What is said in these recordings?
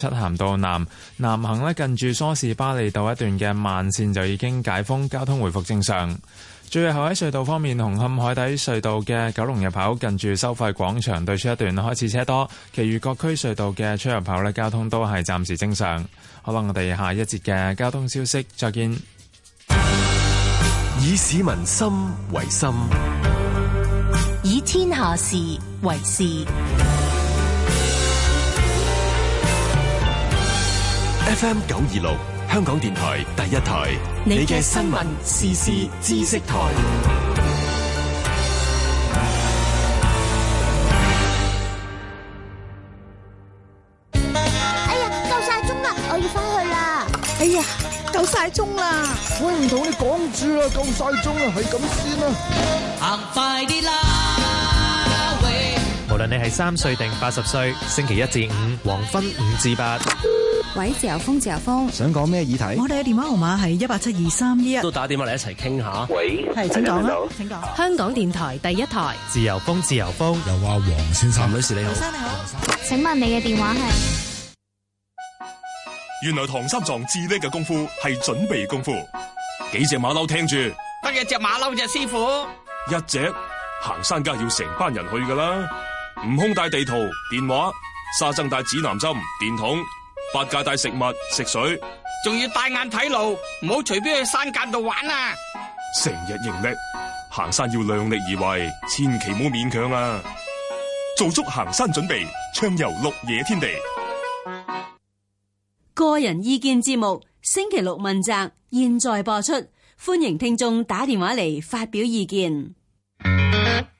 漆咸道南南行呢近住梳士巴利道一段嘅慢線就已經解封，交通回復正常。最後喺隧道方面，紅磡海底隧道嘅九龍入口近住收費廣場對出一段開始車多，其餘各區隧道嘅出入口呢，交通都係暫時正常。好啦，我哋下一節嘅交通消息再見。以市民心為心，以天下事為事。FM 九二六，香港電台第一台，你嘅新聞時事知識台。哎呀，夠晒鐘啦，我要翻去啦！哎呀，夠晒鐘啦！我唔同你講住啦，夠晒鐘啦，係咁先啦，行快啲啦！無論你係三歲定八十歲，星期一至五，黃昏五至八。喂，自由風，自由風，想講咩議題？我哋嘅電話號碼係一八七二三一一，都打電話嚟一齊傾下。喂，係，請講啦，請講、啊。香港電台第一台，自由風，自由風。又話黃先生、女士你好，黃先生你好黃先生，請問你嘅電話係？原來唐三藏最叻嘅功夫係準備功夫，幾隻隻馬騮聽住？得一隻馬騮隻師傅？一隻行山梗係要成班人去噶啦，悟空帶地圖、電話，沙僧帶指南針、電筒。八戒帶食物食水，仲要帶眼睇路，唔好隨便去山澗度玩啊！成日認叻，行山要量力而為，千祈唔好勉強啊！做足行山準備，暢遊綠野天地。個人意見節目，星期六問責，現在播出，歡迎聽眾打電話嚟發表意見。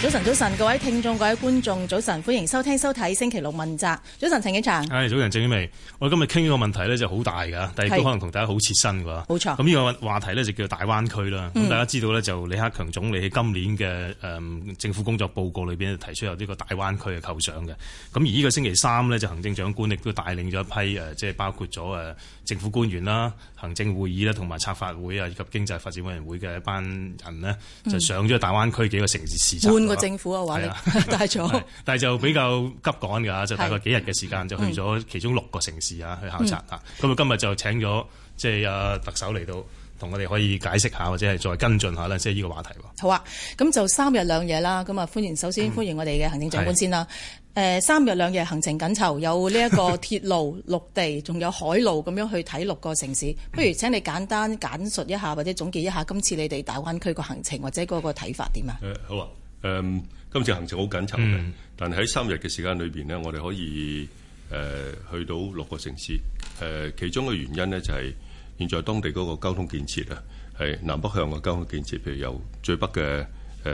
早晨，早晨，各位聽眾，各位觀眾早晨，歡迎收聽收睇《星期六問責》。早晨，陳景祥。誒，早晨，鄭婉薇。我哋今日傾呢個問題咧，就好大㗎，但係都可能同大家好切身㗎。冇錯。咁呢個話題咧就叫大灣區啦。咁、嗯、大家知道咧，就李克強總理喺今年嘅政府工作報告裏邊提出有呢個大灣區嘅構想嘅。咁而呢個星期三呢，就行政長官亦都帶領咗一批即係包括咗政府官員啦、行政會議啦、同埋策發會啊，以及經濟發展委員會嘅一班人呢，就上咗大灣區幾個城市視察。嗯那個政府嘅話、啊，帶 咗，但係就比較急趕㗎，就大概幾日嘅時間就去咗其中六個城市啊，去考察啊。咁、嗯就是、啊，今日就請咗即係啊特首嚟到同我哋可以解釋一下，或者係再跟進一下咧，即係呢個話題。好啊，咁就三日兩夜啦。咁啊，歡迎首先歡迎我哋嘅行政長官先啦。誒、嗯啊，三日兩夜行程緊湊，有呢一個鐵路、 陸地，仲有海路咁樣去睇六個城市。不如請你簡單簡述一下，或者總結一下今次你哋大灣區個行程，或者嗰個睇法點啊、嗯？好啊。誒、um，今次行程好緊湊嘅，但係喺三日嘅時間裏邊咧，我哋可以誒、呃、去到六個城市。誒、呃，其中嘅原因咧就係現在當地嗰個交通建設啊，係南北向嘅交通建設，譬如由最北嘅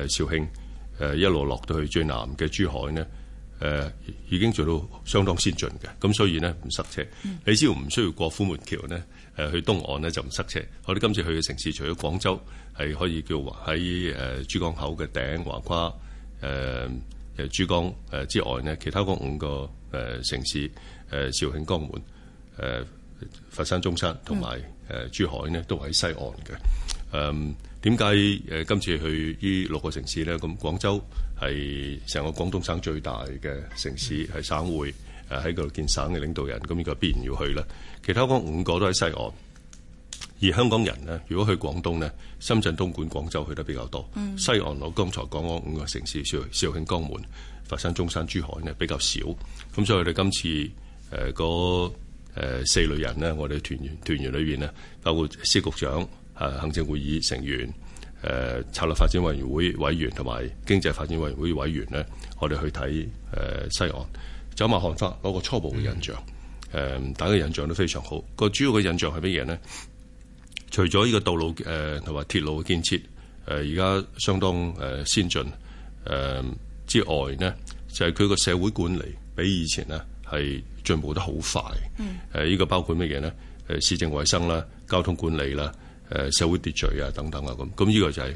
誒肇慶誒、呃、一路落到去最南嘅珠海咧。誒已經做到相當先進嘅，咁所以呢，唔塞車。你、嗯、只要唔需要過虎門橋呢，誒去東岸呢就唔塞車。我哋今次去嘅城、呃、城市，除咗廣州係可以叫喺誒珠江口嘅頂橫跨誒誒珠江誒之外呢，其他嗰五個誒城市誒肇慶、江門誒、呃、佛山、中山同埋誒珠海呢，都喺西岸嘅。嗯、呃，點解誒今次去呢六個城市呢？咁廣州。係成個廣東省最大嘅城市，係省會，誒喺度見省嘅領導人，咁呢個必然要去啦。其他嗰五個都喺西岸，而香港人呢，如果去廣東呢，深圳、東莞、廣州去得比較多。嗯、西岸我剛才講嗰五個城市，肇肇慶、江門、佛山、中山、珠海呢，比較少。咁所以我哋今次誒嗰、那個、四類人呢，我哋團團員裏邊呢，包括司局長、誒行政會議成員。誒策略發展委員會委員同埋經濟發展委員會委員咧，我哋去睇誒西岸走埋看法走馬看花攞個初步嘅印象，誒大家印象都非常好。個主要嘅印象係乜嘢咧？除咗呢個道路誒同埋鐵路嘅建設誒，而家相當誒先進誒之外咧，就係佢個社會管理比以前咧係進步得好快。誒呢個包括乜嘢咧？誒市政衞生啦，交通管理啦。誒社會秩序啊，等等啊，咁咁呢個就係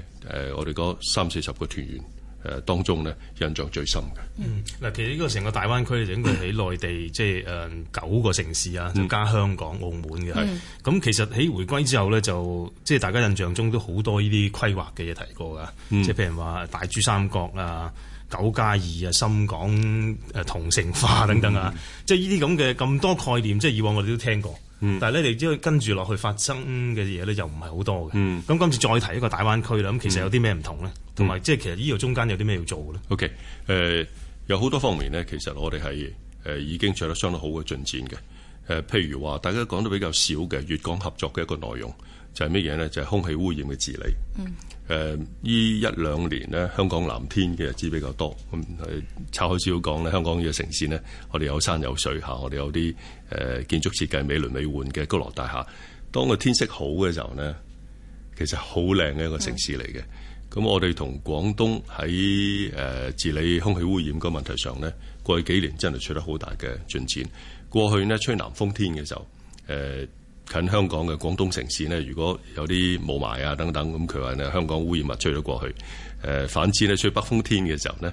誒我哋嗰三四十個團員誒當中咧，印象最深嘅。嗯，嗱，其實呢個成個大灣區就應該喺內地， 即係誒九個城市啊，加香港、澳門嘅係。咁、嗯嗯、其實喺回歸之後咧，就即係大家印象中都好多呢啲規劃嘅嘢提過噶。嗯、即係譬如話大珠三角啊、九加二啊、2，深港誒同城化等等啊，嗯嗯、即係呢啲咁嘅咁多概念，即係以往我哋都聽過。嗯，但係咧，你只要跟住落去發生嘅嘢咧，又唔係好多嘅。嗯，咁今次再提一個大灣區咧，咁其實有啲咩唔同咧，同埋即係其實呢度中間有啲咩要做嘅咧。OK，誒、呃，有好多方面咧，其實我哋係誒已經取得相當好嘅進展嘅。誒、呃，譬如話，大家講得比較少嘅粵港合作嘅一個內容。就係咩嘢咧？就係、是、空氣污染嘅治理。誒、嗯，呢一兩年咧，香港藍天嘅日子比較多。咁係拆開少少講咧，香港呢個城市咧，我哋有山有水吓，我哋有啲誒、呃、建築設計美輪美奐嘅高樓大廈。當個天色好嘅時候咧，其實好靚嘅一個城市嚟嘅。咁我哋同廣東喺誒、呃、治理空氣污染嗰問題上咧，過去幾年真係取得好大嘅進展。過去呢，吹南風天嘅時候，誒、呃。近香港嘅廣東城市呢，如果有啲霧霾啊等等，咁佢話呢，香港污染物吹咗過去。誒，反之呢，吹北風天嘅時候呢，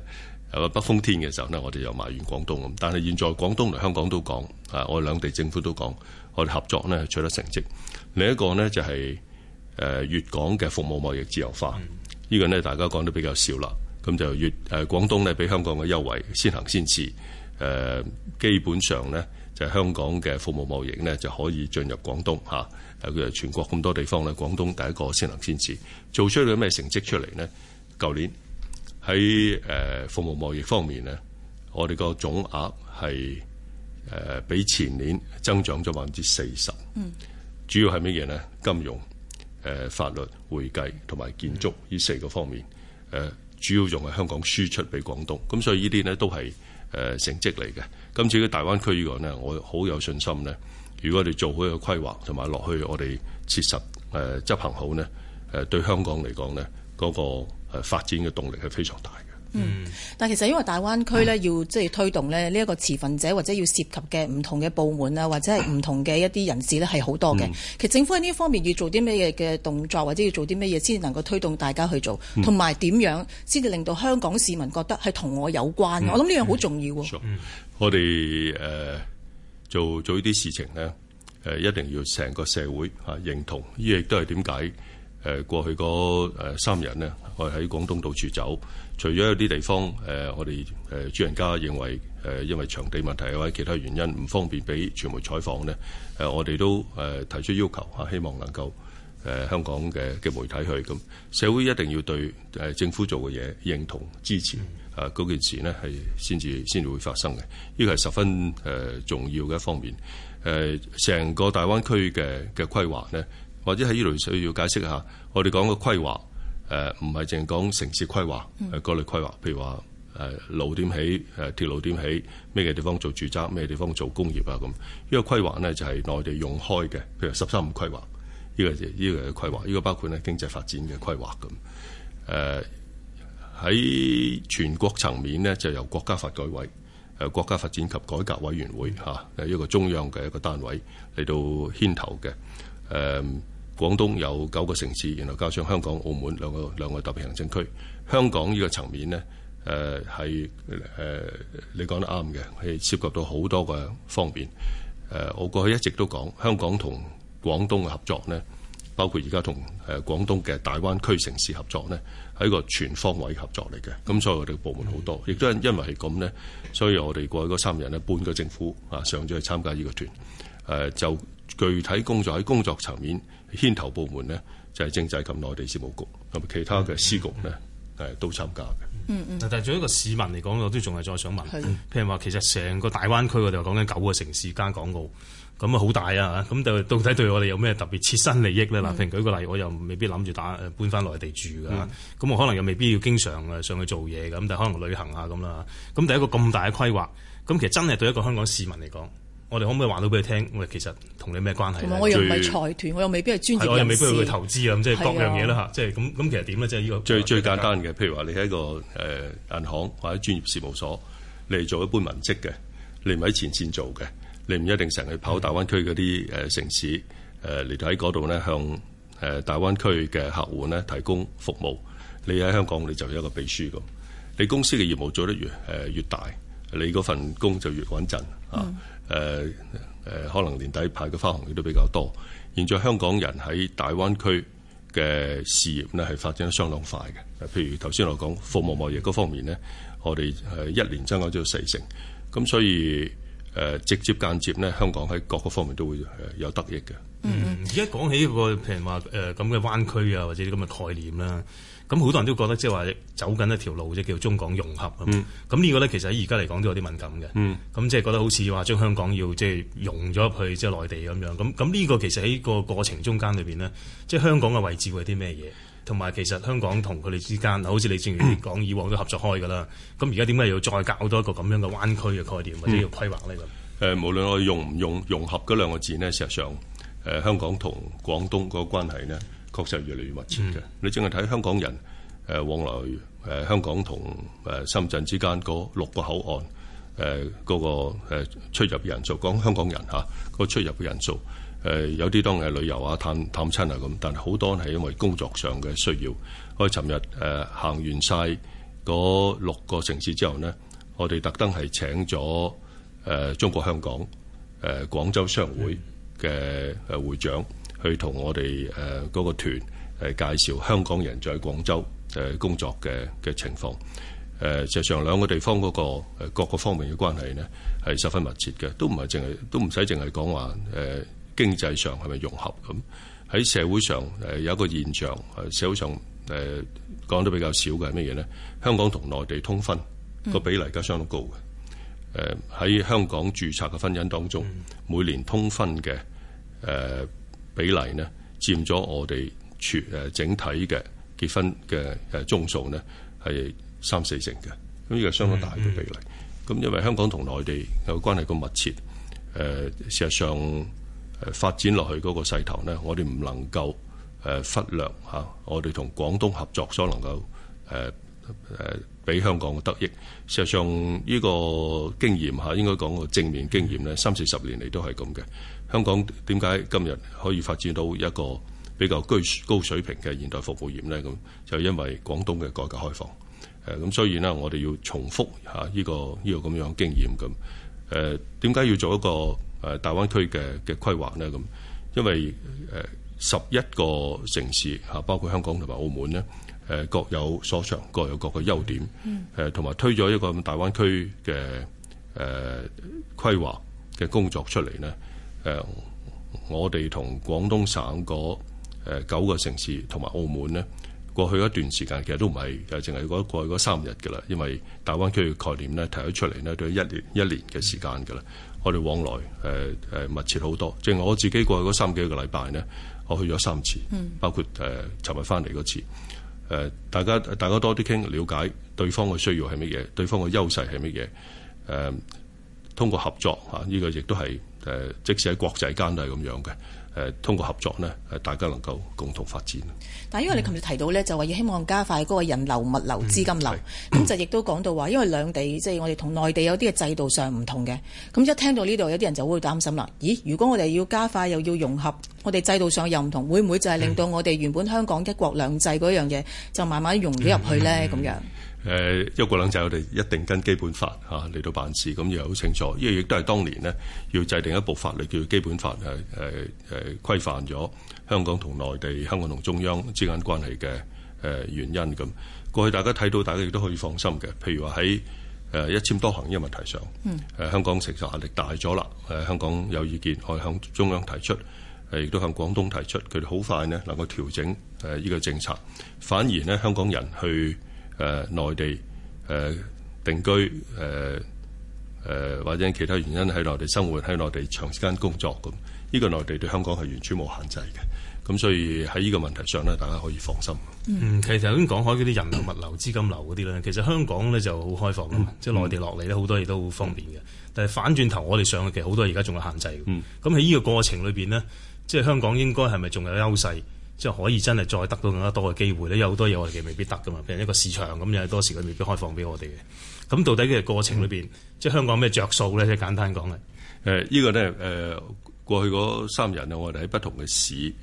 北風天嘅時候呢，我哋又埋怨廣東咁。但係現在廣東同香港都講，啊，我哋兩地政府都講，我哋合作呢取得成績。另一個呢，就係誒粵港嘅服務貿易自由化，呢、呢個呢，大家講得比較少啦。咁就粵誒廣東呢，俾香港嘅優惠先行先試，誒基本上呢。就係、香港嘅服務貿易咧，就可以進入廣東。佢係誒，全國咁多地方咧，廣東第一個先行先試，做出咗咩成績出嚟呢？舊年喺誒服務貿易方面咧，我哋個總額係誒比前年增長咗百分之四十。嗯，主要係咩嘢咧？金融、誒法律、會計同埋建築呢四個方面誒。主要用係香港輸出俾廣東，咁所以呢啲咧都係誒成績嚟嘅。今次嘅大灣區依個咧，我好有信心咧。如果我哋做好一個規劃同埋落去我哋切實誒執行好咧，誒對香港嚟講咧，嗰個誒發展嘅動力係非常大。嗯，但其實因為大灣區咧要即係推動咧呢一個持份者或者要涉及嘅唔同嘅部門啊，或者係唔同嘅一啲人士咧係好多嘅，嗯。其實政府喺呢方面要做啲咩嘢嘅動作，或者要做啲咩嘢先至能夠推動大家去做，同埋點樣先至令到香港市民覺得係同我有關？嗯、我諗呢樣好重要，嗯嗯嗯。我哋誒做做呢啲事情咧，誒一定要成個社會嚇認同。呢亦都係點解誒過去嗰三日呢，我喺廣東到處走，除咗有啲地方，誒，我哋誒主人家認為誒，因為場地問題或者其他原因唔方便俾傳媒採訪呢誒，我哋都誒提出要求嚇，希望能夠誒香港嘅嘅媒體去。咁社會一定要對誒政府做嘅嘢認同支持啊，嗰件事呢係先至先會發生嘅，呢個係十分誒重要嘅一方面。誒成個大灣區嘅嘅規劃呢，或者喺呢度需要解釋下，我哋講嘅規劃。誒唔係淨係講城市規劃，誒各類規劃，譬如話誒路點起，誒鐵路點起，咩嘅地方做住宅，咩地方做工業啊咁。呢個規劃呢，就係內地用開嘅，譬如十三五規劃，呢個呢個規劃，呢個包括咧經濟發展嘅規劃咁。誒喺全國層面呢，就由國家發改委，誒國家發展及改革委員會嚇，一個中央嘅一個單位嚟到牽頭嘅，誒、嗯。廣東有九個城市，然後加上香港、澳門兩個兩個特別行政區，香港這個呢個層面咧，誒、呃，係誒、呃，你講得啱嘅，係涉及到好多個方面。誒、呃，我過去一直都講香港同廣東嘅合作咧，包括而家同誒廣東嘅大灣區城市合作咧，係一個全方位嘅合作嚟嘅。咁所以我哋部門好多，亦都係因為，係咁咧，所以我哋過去嗰三日咧，半個政府啊上咗去參加呢個團誒、啊，就具體工作喺工作層面。牽頭部門咧就係政制及內地事務局，同埋其他嘅司局咧都參加嘅。嗯嗯，嗯，嗯，嗯。嗱，但係作為一個市民嚟講，我都仲係再想問，譬如話其實成個大灣區我哋話講緊九個城市加港澳，咁啊好大啊，咁到底對我哋有咩特別切身利益咧？嗱，譬如舉個例，我又未必諗住打搬翻內地住㗎，咁、嗯、我可能又未必要經常上去做嘢咁，但可能旅行呀。咁啦。咁第一個咁大嘅規劃，咁其實真係對一個香港市民嚟講。我哋可唔可以話到俾佢聽？喂，其實同你咩關係？同埋我又唔係財團，我又未必係專業人士。係，我又未必係去投資啊。咁即係各樣嘢啦吓，即係咁咁。其實點咧？即係呢個最最簡單嘅，譬如話你喺一個誒銀行或者專業事務所嚟做一般文職嘅，你唔喺前線做嘅，你唔一定成日去跑大灣區嗰啲誒城市誒嚟喺嗰度咧，嗯、你在那裡向誒大灣區嘅客戶咧提供服務。你喺香港你就有一個秘書咁。你公司嘅業務做得越誒越大，你嗰份工就越穩陣啊。嗯誒、呃、誒、呃，可能年底派嘅花紅亦都比較多。現在香港人喺大灣區嘅事業咧，係發展得相當快嘅。譬如頭先我講服務貿易嗰方面咧，我哋係一年增加咗四成。咁所以誒、呃，直接間接咧，香港喺各個方面都會係有得益嘅。嗯，而家講起個譬如話誒咁嘅灣區啊，或者啲咁嘅概念啦、啊。咁好多人都覺得即係話走緊一條路，即叫中港融合咁。咁呢個咧，其實喺而家嚟講都有啲敏感嘅。咁、嗯、即係覺得好似話將香港要即係融咗去即係內地咁樣。咁咁呢個其實喺個過程中間裏面呢，即係香港嘅位置會有啲咩嘢？同埋其實香港同佢哋之間，好似你正如講以往都合作開噶啦。咁而家點解要再搞多一個咁樣嘅灣區嘅概念或者要規劃呢？咁？誒，無論我用唔用融合嗰兩個字呢，事實上香港同廣東嗰個關係呢，確實係越嚟越密切嘅，你淨係睇香港人誒往來誒香港同誒深圳之間嗰六個口岸誒嗰個出入人數，講香港人嗰個出入嘅人數誒，有啲當然係旅遊啊、探探親啊咁，但係好多係因為工作上嘅需要。我哋尋日誒行完晒嗰六個城市之後呢，我哋特登係請咗誒中國香港誒廣州商會嘅誒會長。去同我哋誒個團團介紹香港人在廣州誒工作嘅嘅情況。誒、呃，實際上兩個地方嗰、那個各個方面嘅關係呢，係十分密切嘅，都唔係淨係都唔使淨係講話誒經濟上係咪融合咁喺社會上誒、呃，有一個現象，社會上誒講、呃、得比較少嘅係咩嘢呢？香港同內地通婚個比例而家相當高嘅誒喺香港註冊嘅婚姻當中、嗯，每年通婚嘅誒。呃比例呢，佔咗我哋全誒整體嘅結婚嘅誒宗數係三四成嘅，咁呢個相當大嘅比例。咁因為香港同內地有關係咁密切，誒事實上誒發展落去嗰個勢頭呢，我哋唔能夠誒忽略嚇我哋同廣東合作所能夠誒。誒俾香港嘅得益，實際上呢個經驗嚇，應該講個正面經驗咧，三四十年嚟都係咁嘅。香港點解今日可以發展到一個比較居高水平嘅現代服務業咧？咁就因為廣東嘅改革開放。誒咁，所以呢，我哋要重複嚇呢個呢個咁樣經驗咁。誒點解要做一個誒大灣區嘅嘅規劃呢？咁因為誒十一個城市嚇，包括香港同埋澳門咧。各有所長，各有各嘅優點，同、嗯、埋推咗一個大灣區嘅誒規劃嘅工作出嚟呢、呃、我哋同廣東省個九個城市同埋澳門呢，過去一段時間其實都唔係淨淨係過去嗰三日噶啦。因為大灣區區嘅概念呢提咗出嚟呢都有一年一年嘅時間噶啦。我哋往來、呃、密切好多，即係我自己過去嗰三幾個禮拜呢，我去咗三次，嗯、包括誒尋、呃、日翻嚟嗰次。誒、呃，大家大家多啲傾，了解對方嘅需要係乜嘢，對方嘅優勢係乜嘢。誒、呃，通過合作吓、呢、啊，這個亦都係誒，即使喺國際間都係咁樣嘅。誒通過合作呢，大家能夠共同發展。但因為你琴日提到呢、嗯，就話要希望加快嗰個人流、物流、資金流，咁、嗯、就亦都講到話，因為兩地即係、就是、我哋同內地有啲嘅制度上唔同嘅，咁一聽到呢度有啲人就會擔心啦。咦？如果我哋要加快又要融合，我哋制度上又唔同，會唔會就係令到我哋原本香港一國兩制嗰樣嘢就慢慢融咗入去呢？咁、嗯、樣？嗯嗯嗯誒一國兩制，我哋一定跟基本法嚟到辦事，咁又好清楚。因為亦都係當年呢要制定一部法律叫《基本法》呃，係、呃、規範咗香港同內地、香港同中央之間關係嘅、呃、原因。咁過去大家睇到，大家亦都可以放心嘅。譬如話喺一簽多行呢個問題上，嗯、香港承受壓力大咗啦。香港有意見，我向中央提出，亦都向廣東提出，佢哋好快呢能夠調整呢個政策，反而呢，香港人去，誒、呃、內地誒、呃、定居誒誒、呃呃、或者其他原因喺內地生活，喺內地長時間工作咁，呢、這個內地對香港係完全冇限制嘅。咁所以喺呢個問題上咧，大家可以放心。嗯，嗯其實頭先講開嗰啲人流、物流、 資金流嗰啲咧，其實香港咧就好開放嘅嘛、嗯，即係內地落嚟咧好多嘢都好方便嘅。但係反轉頭我哋上，其實好多而家仲有限制嘅。嗯，咁喺呢個過程裏邊咧，即係香港應該係咪仲有優勢？即係可以真係再得到更加多嘅機會咧，有好多嘢我哋未必得噶嘛。譬如一個市場咁，有好多時佢未必開放俾我哋嘅。咁到底嘅過程裏邊，嗯、即係香港咩着數咧？即係簡單講啊。誒，呢個咧誒，過去嗰三日啊，我哋喺不同嘅市誒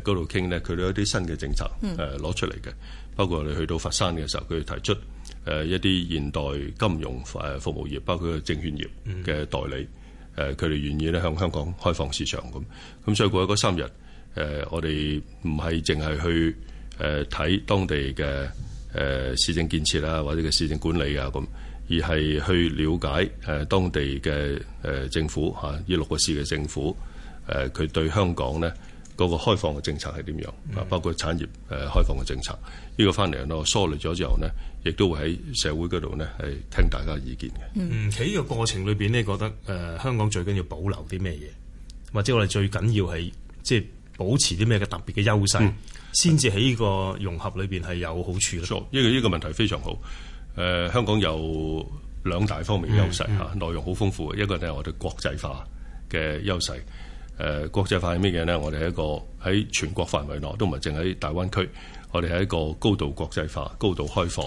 嗰度傾咧，佢都有啲新嘅政策誒攞出嚟嘅。嗯、包括我哋去到佛山嘅時候，佢提出誒一啲現代金融誒服務業，包括證券業嘅代理誒，佢、嗯、哋願意咧向香港開放市場咁。咁所以過去嗰三日。誒、呃，我哋唔係淨係去誒睇、呃、當地嘅誒、呃、市政建設啊，或者嘅市政管理啊咁，而係去了解誒、呃、當地嘅誒、呃、政府嚇，呢、啊、六個市嘅政府誒，佢、呃、對香港呢個、那個開放嘅政策係點樣啊、嗯？包括產業誒、呃、開放嘅政策，這個、呢個翻嚟我梳理咗之後呢，亦都會喺社會嗰度呢，係聽大家嘅意見嘅。嗯，喺呢個過程裏邊呢，你覺得誒、呃、香港最緊要保留啲咩嘢，或者我哋最緊要係即係。保持啲咩嘅特別嘅優勢，先至喺呢個融合裏邊係有好處咯、嗯。做、嗯，因、這、呢個問題非常好。誒、呃，香港有兩大方面的優勢嚇、嗯嗯，內容好豐富。嗯、一個就係我哋國際化嘅優勢。誒、呃，國際化係咩嘢咧？我哋係一個喺全國範圍內，都唔係淨喺大灣區，我哋係一個高度國際化、高度開放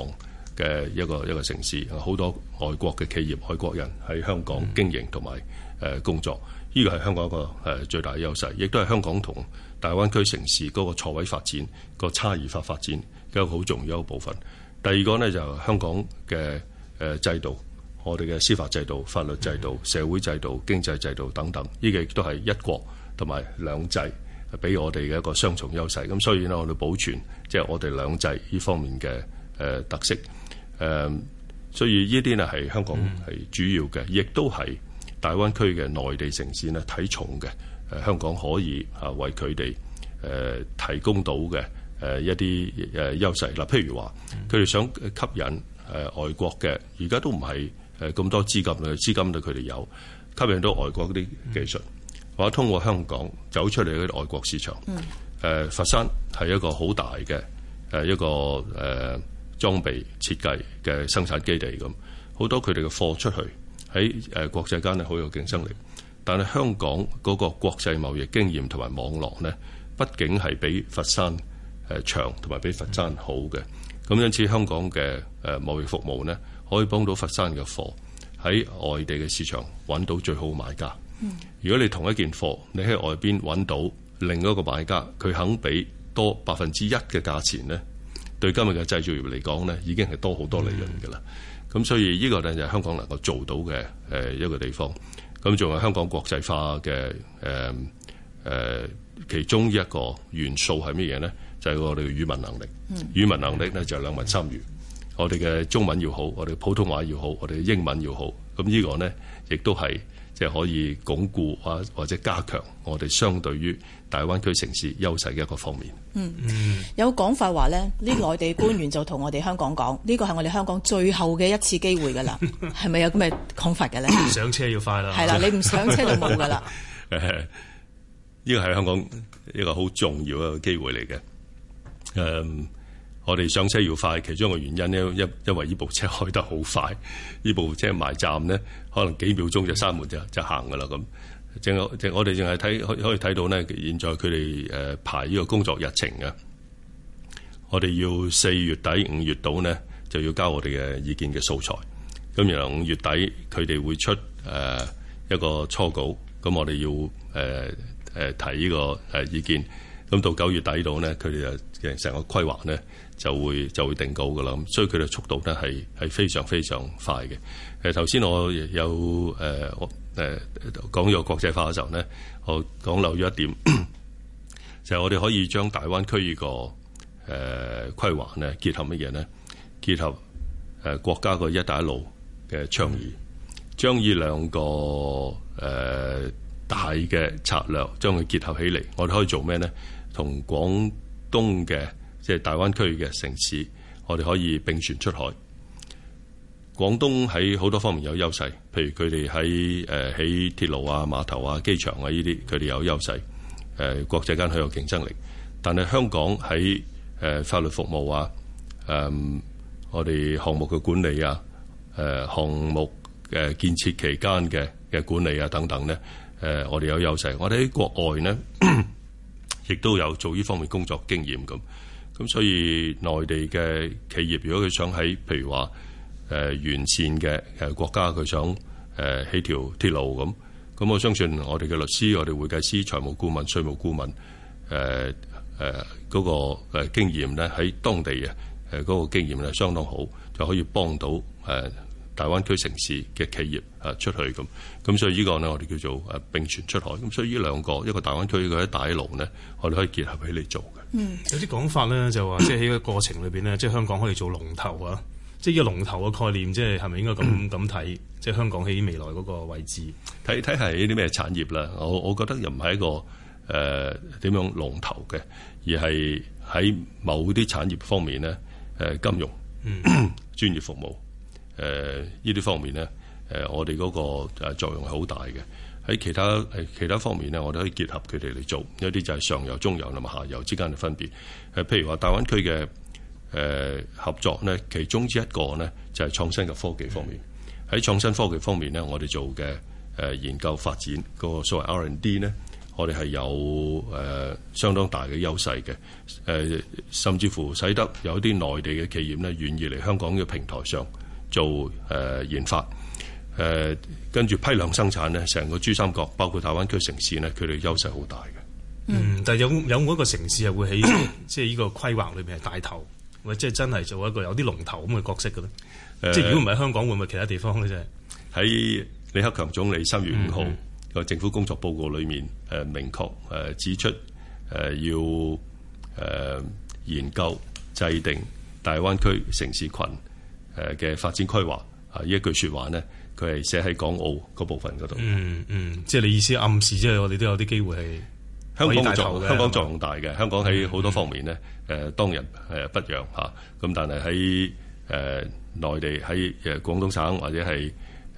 嘅一個一個城市。好多外國嘅企業、外國人喺香港經營同埋誒工作。嗯嗯呢個係香港一個誒最大嘅優勢，亦都係香港同大灣區城市嗰個錯位發展個差異化發，發展一個好重要嘅部分。第二個呢，就是香港嘅誒制度，我哋嘅司法制度、法律制度、社會制度、經濟制度等等，呢個亦都係一國同埋兩制俾我哋嘅一個雙重優勢。咁所以呢，我哋保存即係我哋兩制呢方面嘅誒特色。誒，所以呢啲呢係香港係主要嘅，亦都係。大灣區嘅內地城市咧，睇重嘅，香港可以啊為佢哋誒提供到嘅誒一啲誒優勢。嗱，譬如話，佢哋想吸引誒外國嘅，而家都唔係誒咁多資金啦，資金對佢哋有吸引到外國嗰啲技術，或者通過香港走出嚟嗰啲外國市場。誒，佛山係一個好大嘅誒一個誒裝備設計嘅生產基地咁，好多佢哋嘅貨出去。喺誒國際間咧好有競爭力，但係香港嗰個國際貿易經驗同埋網絡呢，畢竟係比佛山誒長同埋比佛山好嘅。咁因此香港嘅誒貿易服務呢，可以幫到佛山嘅貨喺外地嘅市場揾到最好買家。如果你同一件貨，你喺外邊揾到另一個買家，佢肯俾多百分之一嘅價錢呢，對今日嘅製造業嚟講呢，已經係多好多利潤㗎啦。咁所以呢個咧就係香港能夠做到嘅誒一個地方，咁仲有香港國際化嘅誒誒其中一個元素係咩嘢咧？就係、是、我哋嘅語文能力，語文能力咧就係兩文三語，我哋嘅中文要好，我哋普通話要好，我哋嘅英文要好，咁呢個咧亦都係，即係可以鞏固啊或者加強我哋相對於。大灣區城市優勢嘅一個方面。嗯，有講法話咧，啲內地官員就同我哋香港講，呢個係我哋香港最後嘅一次機會噶啦，係咪有咁嘅講法嘅咧？唔上車要快啦，係啦，你唔上車就冇噶啦。誒，呢個係香港一個好重要嘅機會嚟嘅。誒，我哋上車要快，其中一個原因咧，一因為呢部車開得好快，呢部車埋站咧，可能幾秒鐘就閂門就就行噶啦咁。淨係淨我哋淨係睇可可以睇到咧，現在佢哋誒，排呢個工作日程嘅。我哋要四月底五月度呢，就要交我哋嘅意見嘅素材。咁然後五月底佢哋會出誒、呃、一個初稿，咁我哋要誒誒提呢個誒、呃、意見。咁到九月底度呢，佢哋就成個規劃呢，就會就會定稿㗎喇。咁所以佢哋速度呢係係非常非常快嘅。誒頭先我有誒、呃、我。誒，講到國際化嘅時候咧，我講漏咗一點，就係我哋可以將大灣區呢個誒規劃咧結合乜嘢咧？結合誒國家嘅一帶一路嘅倡議，將呢兩個誒大嘅策略將佢結合起嚟。我哋可以做咩咧？同廣東嘅即係大灣區嘅城市，我哋可以併船出海。廣東喺好多方面有優勢，譬如佢哋喺誒喺鐵路啊、碼頭啊、機場啊呢啲，佢哋有優勢，誒國際間佢有競爭力。但係香港喺誒法律服務啊、誒我哋項目嘅管理啊、誒項目嘅建設期間嘅嘅管理啊等等咧，誒我哋有優勢。我哋喺國外咧，亦都有做呢方面工作經驗咁咁，所以內地嘅企業如果佢想喺譬如話，誒，沿線嘅誒國家佢想誒起條鐵路咁，咁我相信我哋嘅律師、我哋會計師、財務顧問、稅務顧問，誒誒嗰個誒經驗咧喺當地啊誒嗰個經驗咧相當好，就可以幫到誒大灣區城市嘅企業誒出去咁，咁所以呢個咧我哋叫做誒並存出海，咁所以呢兩個一個大灣區佢喺大陸咧，我哋可以結合起嚟做嘅。嗯，有啲講法咧就話，即係喺個過程裏邊咧，即、嗯、係、就是、香港可以做龍頭啊。即係一個龍頭嘅概念，即係係咪應該咁咁睇？即係香港喺未來嗰個位置，睇睇係一啲咩產業啦？我我覺得又唔係一個誒點、呃、樣龍頭嘅，而係喺某啲產業方面咧，誒金融、專、嗯、 業服務誒呢啲方面咧，誒、呃、我哋嗰個誒作用係好大嘅。喺其他誒其他方面咧，我哋可以結合佢哋嚟做。一些是有啲就係上游、中游同埋下游之間嘅分別，誒譬如話大灣區嘅。誒、呃、合作呢，其中之一個呢，就係、是、創新嘅科技方面。喺創新科技方面呢，我哋做嘅誒、呃、研究發展、嗰個所謂 R&D 呢，我哋係有誒、呃、相當大嘅優勢嘅。誒、呃、甚至乎使得有啲內地嘅企業呢，願意嚟香港嘅平台上做誒、呃、研發。誒跟住批量生產呢，成個珠三角包括大灣區城市呢，佢哋優勢好大嘅。嗯，但係有有冇一個城市係會喺即係呢個規劃裏面係帶頭？喂，即係真係做一個有啲龍頭咁嘅角色嘅咧、呃，即係如果唔係香港，會唔會其他地方嘅啫？喺李克強總理三月五號、嗯、政府工作報告裏面，明確指出要研究制定大灣區城市群誒嘅發展規劃啊！呢一句説話咧，佢係寫喺港澳嗰部分嗰度。嗯嗯，即係你意思暗示，即係我哋都有啲機會係。香港嘅作用大嘅，香港作用大嘅，香港喺好多方面呢，誒、呃、當仁誒不讓嚇。咁但係喺誒內地喺誒廣東省或者係誒、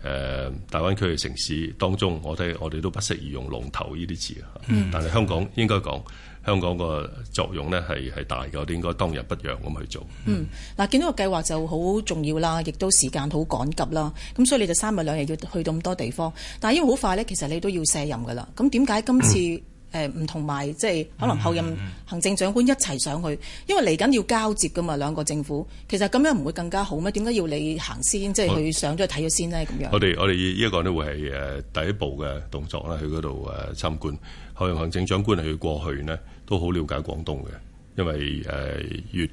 呃、大灣區嘅城市當中，我哋我哋都不適宜用龍頭呢啲字啊。但係香港、嗯、應該講香港個作用呢係係大嘅，我哋應該當仁不讓咁去做。嗯，嗱，見到個計劃就好重要啦，亦都時間好趕急啦。咁所以你就三日兩夜要去到咁多地方，但係因為好快咧，其實你都要卸任㗎啦。咁點解今次？誒唔同埋，即係可能後任行政長官一齊上去，因為嚟緊要交接噶嘛，兩個政府其實咁樣唔會更加好咩？點解要你行先，即係去上咗去睇咗先呢？咁樣我哋我哋呢一個呢會係第一步嘅動作啦，去嗰度誒參觀，後任行政長官係去過去呢，都好了解廣東嘅，因為誒、呃、粵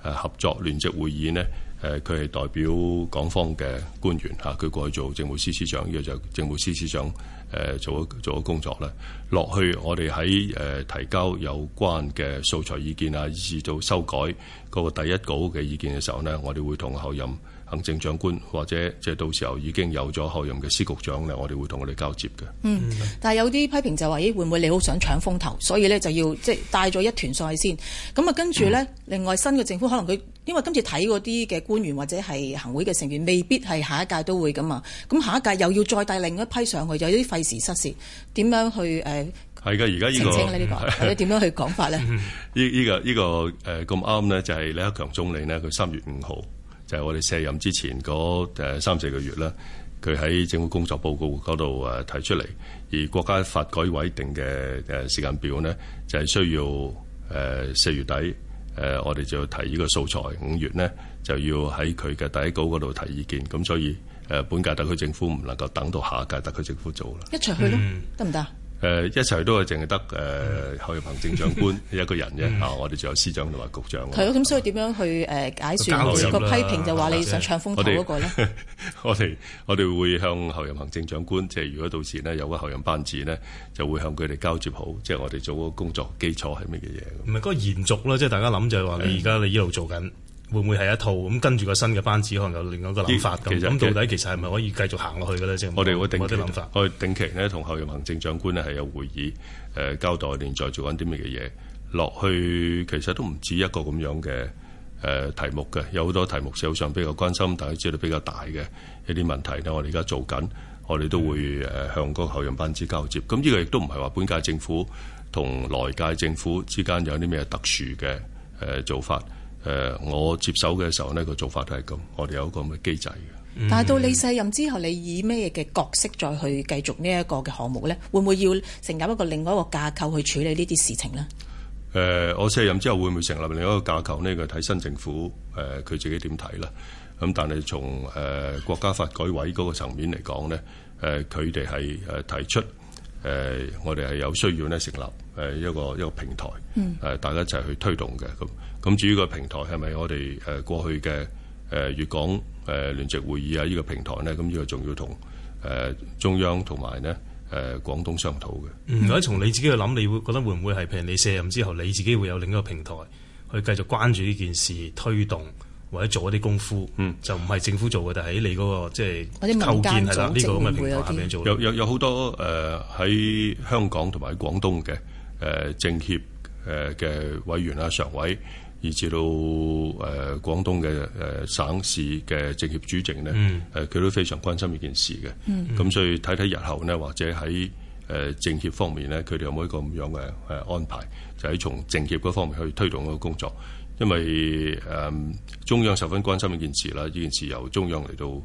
港合作聯席會議呢，佢、呃、係代表港方嘅官員佢過去做政務司司長，呢個就政務司司長。誒，做咗做咗工作咧，落去我哋喺誒提交有關嘅素材意見啊，以至做修改嗰個第一稿嘅意見嘅時候咧，我哋會同口音。行政長官或者即係到時候已經有咗候任嘅司局長咧，我哋會同佢哋交接嘅。嗯，但係有啲批評就話：咦，會唔會你好想搶風頭？所以咧就要即係、就是、帶咗一團賽先。咁啊，跟住咧，另外新嘅政府可能佢因為今次睇嗰啲嘅官員或者係行會嘅成員，未必係下一屆都會噶嘛。咁下一屆又要再帶另一批上去，有啲費時失事。點樣去誒？係、呃、嘅，而家呢個澄清咧、這個，呢 個或者點樣去講法咧？呢呢個呢個誒咁啱呢，嗯這個這個呃、就係李克強總理呢，佢三月五號。就係我哋卸任之前嗰三四個月啦，佢喺政府工作報告嗰度誒提出嚟，而國家發改委定嘅誒時間表呢，就係需要誒四月底誒，我哋就要提呢個素材，五月呢就要喺佢嘅第一稿嗰度提意見，咁所以誒本屆特區政府唔能夠等到下一屆特區政府做啦。一齊去咯，得唔得？誒，一齊都係淨係得誒，候任行政長官一個人啫。 啊，我哋仲有司長同埋局長、啊。係咯，咁所以點樣去誒，解説個批評就話你想唱風頭嗰個咧？我哋們我哋們我們我們我們會向候任行政長官，即係如果到時咧有個候任班子呢，就會向佢哋交接好，即係我哋做嗰個工作基礎係乜嘢嘢。唔係個延續啦，即係大家諗就係話你而家你一路做緊。會唔會係一套咁跟住個新嘅班子可能有另外一個諗法咁？咁到底其實係咪可以繼續行落去嘅咧？我哋會定期啲諗法，我定期咧同後任行政長官咧係有會議，呃、交代，然後再做緊啲咩嘅嘢。落去其實都唔止一個咁樣嘅誒、呃、題目嘅，有好多題目社會上比較關心，大家知道比較大嘅一啲問題咧，我哋而家做緊，我哋都會誒向嗰個後任班子交接。咁呢個亦都唔係話本屆政府同來屆政府之間有啲咩特殊嘅、呃、做法。誒、呃，我接手嘅時候呢個做法都係咁，我哋有一個咁嘅機制嘅、嗯。但係到你卸任之後，你以咩嘅角色再去繼續這呢一個嘅項目咧？會唔會要成立一個另外一個架構去處理呢啲事情咧？誒、呃，我卸任之後會唔會成立另外一個架構呢？就睇新政府誒，佢、呃、自己點睇啦。咁但係從誒國家發改委嗰個層面嚟講咧，誒、呃，佢哋係誒提出誒、呃，我哋係有需要咧成立誒一個一個，一個平台，誒、嗯呃，大家一齊去推動嘅咁。咁至於個平台係咪我哋誒過去嘅誒粵港誒聯席會議啊？呢個平台咧，咁、這、呢個仲要同誒中央同埋呢誒廣東商討嘅。嗯，或者從你自己去諗，你會覺得會唔會係譬如你卸任之後，你自己會有另一個平台去繼續關注呢件事，推動或者做一啲功夫？嗯，就唔係政府做嘅，但係喺你嗰、那個即係、就是、構建係啦，呢個咁嘅平台係點做、嗯？有有有好多誒喺香港同埋廣東嘅誒政協誒嘅委員啊、常委。以至到誒、呃、廣東嘅誒、呃、省市嘅政協主席呢，誒、mm. 佢、呃、都非常關心呢件事嘅。咁、mm -hmm. 所以睇睇日後呢，或者喺誒、呃、政協方面呢，佢哋有冇一個咁樣嘅誒、呃、安排，就喺、是、從政協嗰方面去推動個工作。因為誒、呃、中央十分關心呢件事啦，呢件事由中央嚟到誒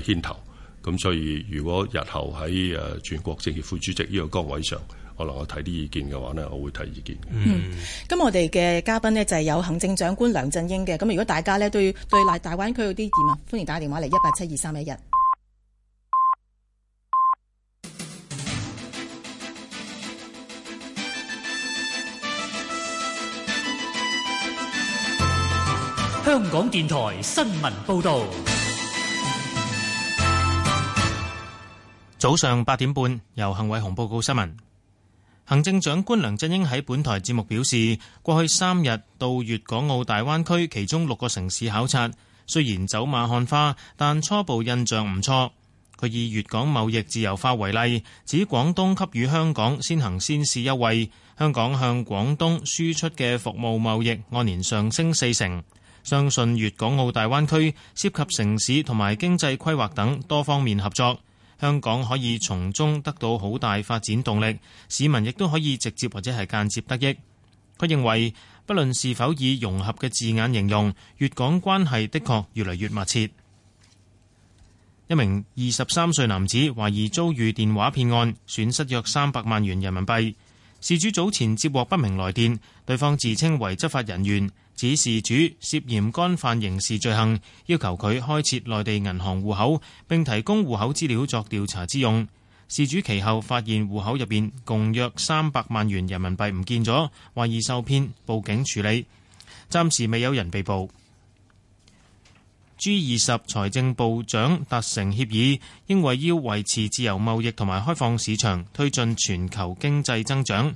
誒牽頭。咁所以如果日後喺誒、呃、全國政協副主席呢個崗位上，可能我睇啲意見嘅話呢，我會提意見。嗯，咁我哋嘅嘉賓呢，就係、是、有行政長官梁振英嘅。咁如果大家呢，對對大大灣區有啲點啊，歡迎打電話嚟，一八七二三一一。香港電台新聞報道，早上八點半由幸偉雄報告新聞。行政長官梁振英喺本台節目表示，過去三日到粵港澳大灣區其中六個城市考察，雖然走馬看花，但初步印象唔錯。佢以粵港貿易自由化為例，指廣東給予香港先行先試優惠，香港向廣東輸出嘅服務貿易按年上升四成。相信粵港澳大灣區涉及城市同埋經濟規劃等多方面合作。香港可以從中得到好大發展動力，市民亦都可以直接或者係間接得益。佢認為不論是否以融合嘅字眼形容，粵港關係的確越嚟越密切。一名二十三歲男子懷疑遭遇電話騙案，損失約三百萬元人民幣，事主早前接獲不明來電，對方自稱為執法人員。指事主涉嫌干犯刑事罪行，要求佢開設內地銀行戶口，并提供戶口資料作調查之用。事主其後發現戶口入邊共約三百萬元人民幣唔見咗，懷疑受騙，報警處理。暫時未有人被捕。G 二十財政部長達成協議，認為要維持自由貿易同埋開放市場，推進全球經濟增長。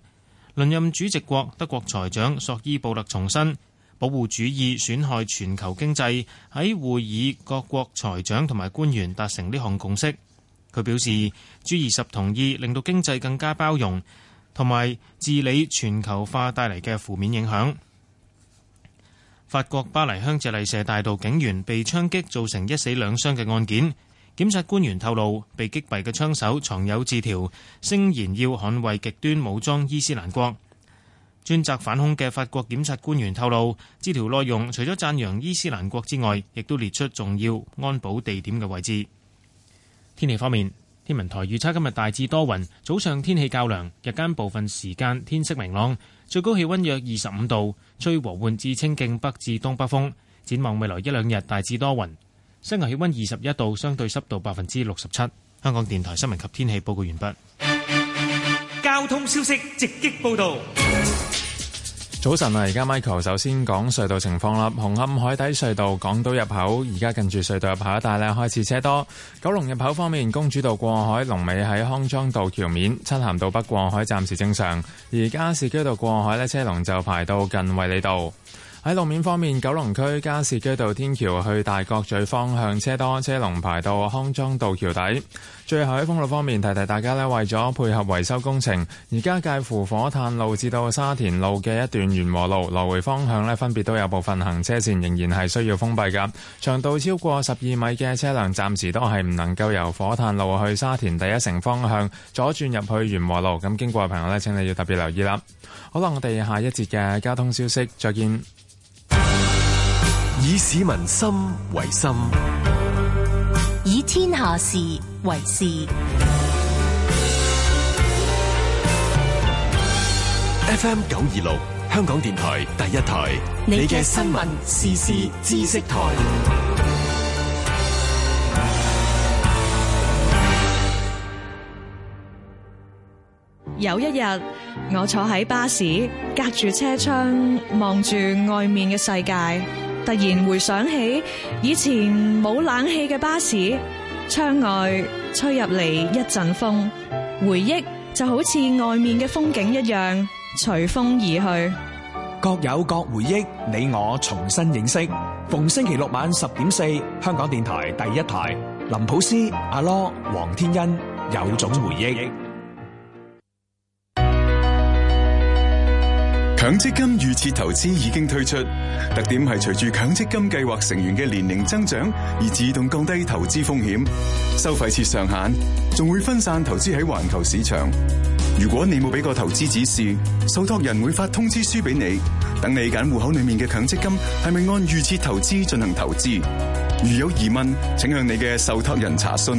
輪任主席國德國財長索伊布勒重申，保護主義損害全球經濟，喺會議各國財長同埋官員達成呢項共識。佢表示 G20 同意令到經濟更加包容，同埋治理全球化帶嚟嘅負面影響。法國巴黎香榭麗舍大道警員被槍擊，造成一死兩傷嘅案件。檢察官員透露，被擊斃嘅槍手藏有字條，聲言要捍衛極端武裝伊斯蘭國。專責反恐嘅法國檢察官員透露，資料內容除咗讚揚伊斯蘭國之外，亦都列出重要安保地點嘅位置。天氣方面，天文台預測今日大致多雲，早上天氣較涼，日間部分時間天色明朗，最高氣溫約二十五度，吹和緩至清勁北至東北風。展望未來一兩日，大致多雲。室外氣溫二十一度，相對濕度百分之六十七。香港電台新聞及天氣報告完畢。交通消息直擊報道。早晨啊，而家 Michael 首先講隧道情況啦。紅磡海底隧道港島入口而家近住隧道入口一帶咧開始車多。九龍入口方面，公主道過海龍尾喺康莊道橋面，漆咸道北過海暫時正常。而加士居道過海咧車龍就排到近衛理道。喺路面方面，九龍區加士居道天橋去大角咀方向車多，車龍排到康莊道橋底。最後喺封路方面，提提大家呢為咗配合維修工程，而家介乎火炭路至到沙田路嘅一段源禾路來回方向呢分別都有部分行車線仍然係需要封閉嘅，長度超過十二米嘅車輛暫時都係唔能夠由火炭路去沙田第一城方向左轉入去源禾路。咁經過嘅朋友呢，請你要特別留意啦。好啦，我哋下一節嘅交通消息再見。以市民心為心，以天下事為事。FM 九二六，香港電台第一台你的，你嘅新聞、時事、知識台。有一日，我坐喺巴士，隔住車窗望住外面嘅世界。突然回想起以前冇冷氣嘅巴士，窗外吹入嚟一陣風，回憶就好似外面嘅風景一樣隨風而去。各有各回憶，你我重新認識。逢星期六晚十點四，香港電台第一台林普斯、阿羅、黃天恩有種回憶。強積金預設投資已經推出，特點係隨住強積金計劃成員嘅年齡增長而自動降低投資風險，收費設上限，仲會分散投資喺環球市場。如果你冇俾個投資指示，受託人會發通知書俾你，等你揀戶口裏面嘅強積金係咪按預設投資進行投資。如有疑問，請向你嘅受託人查詢。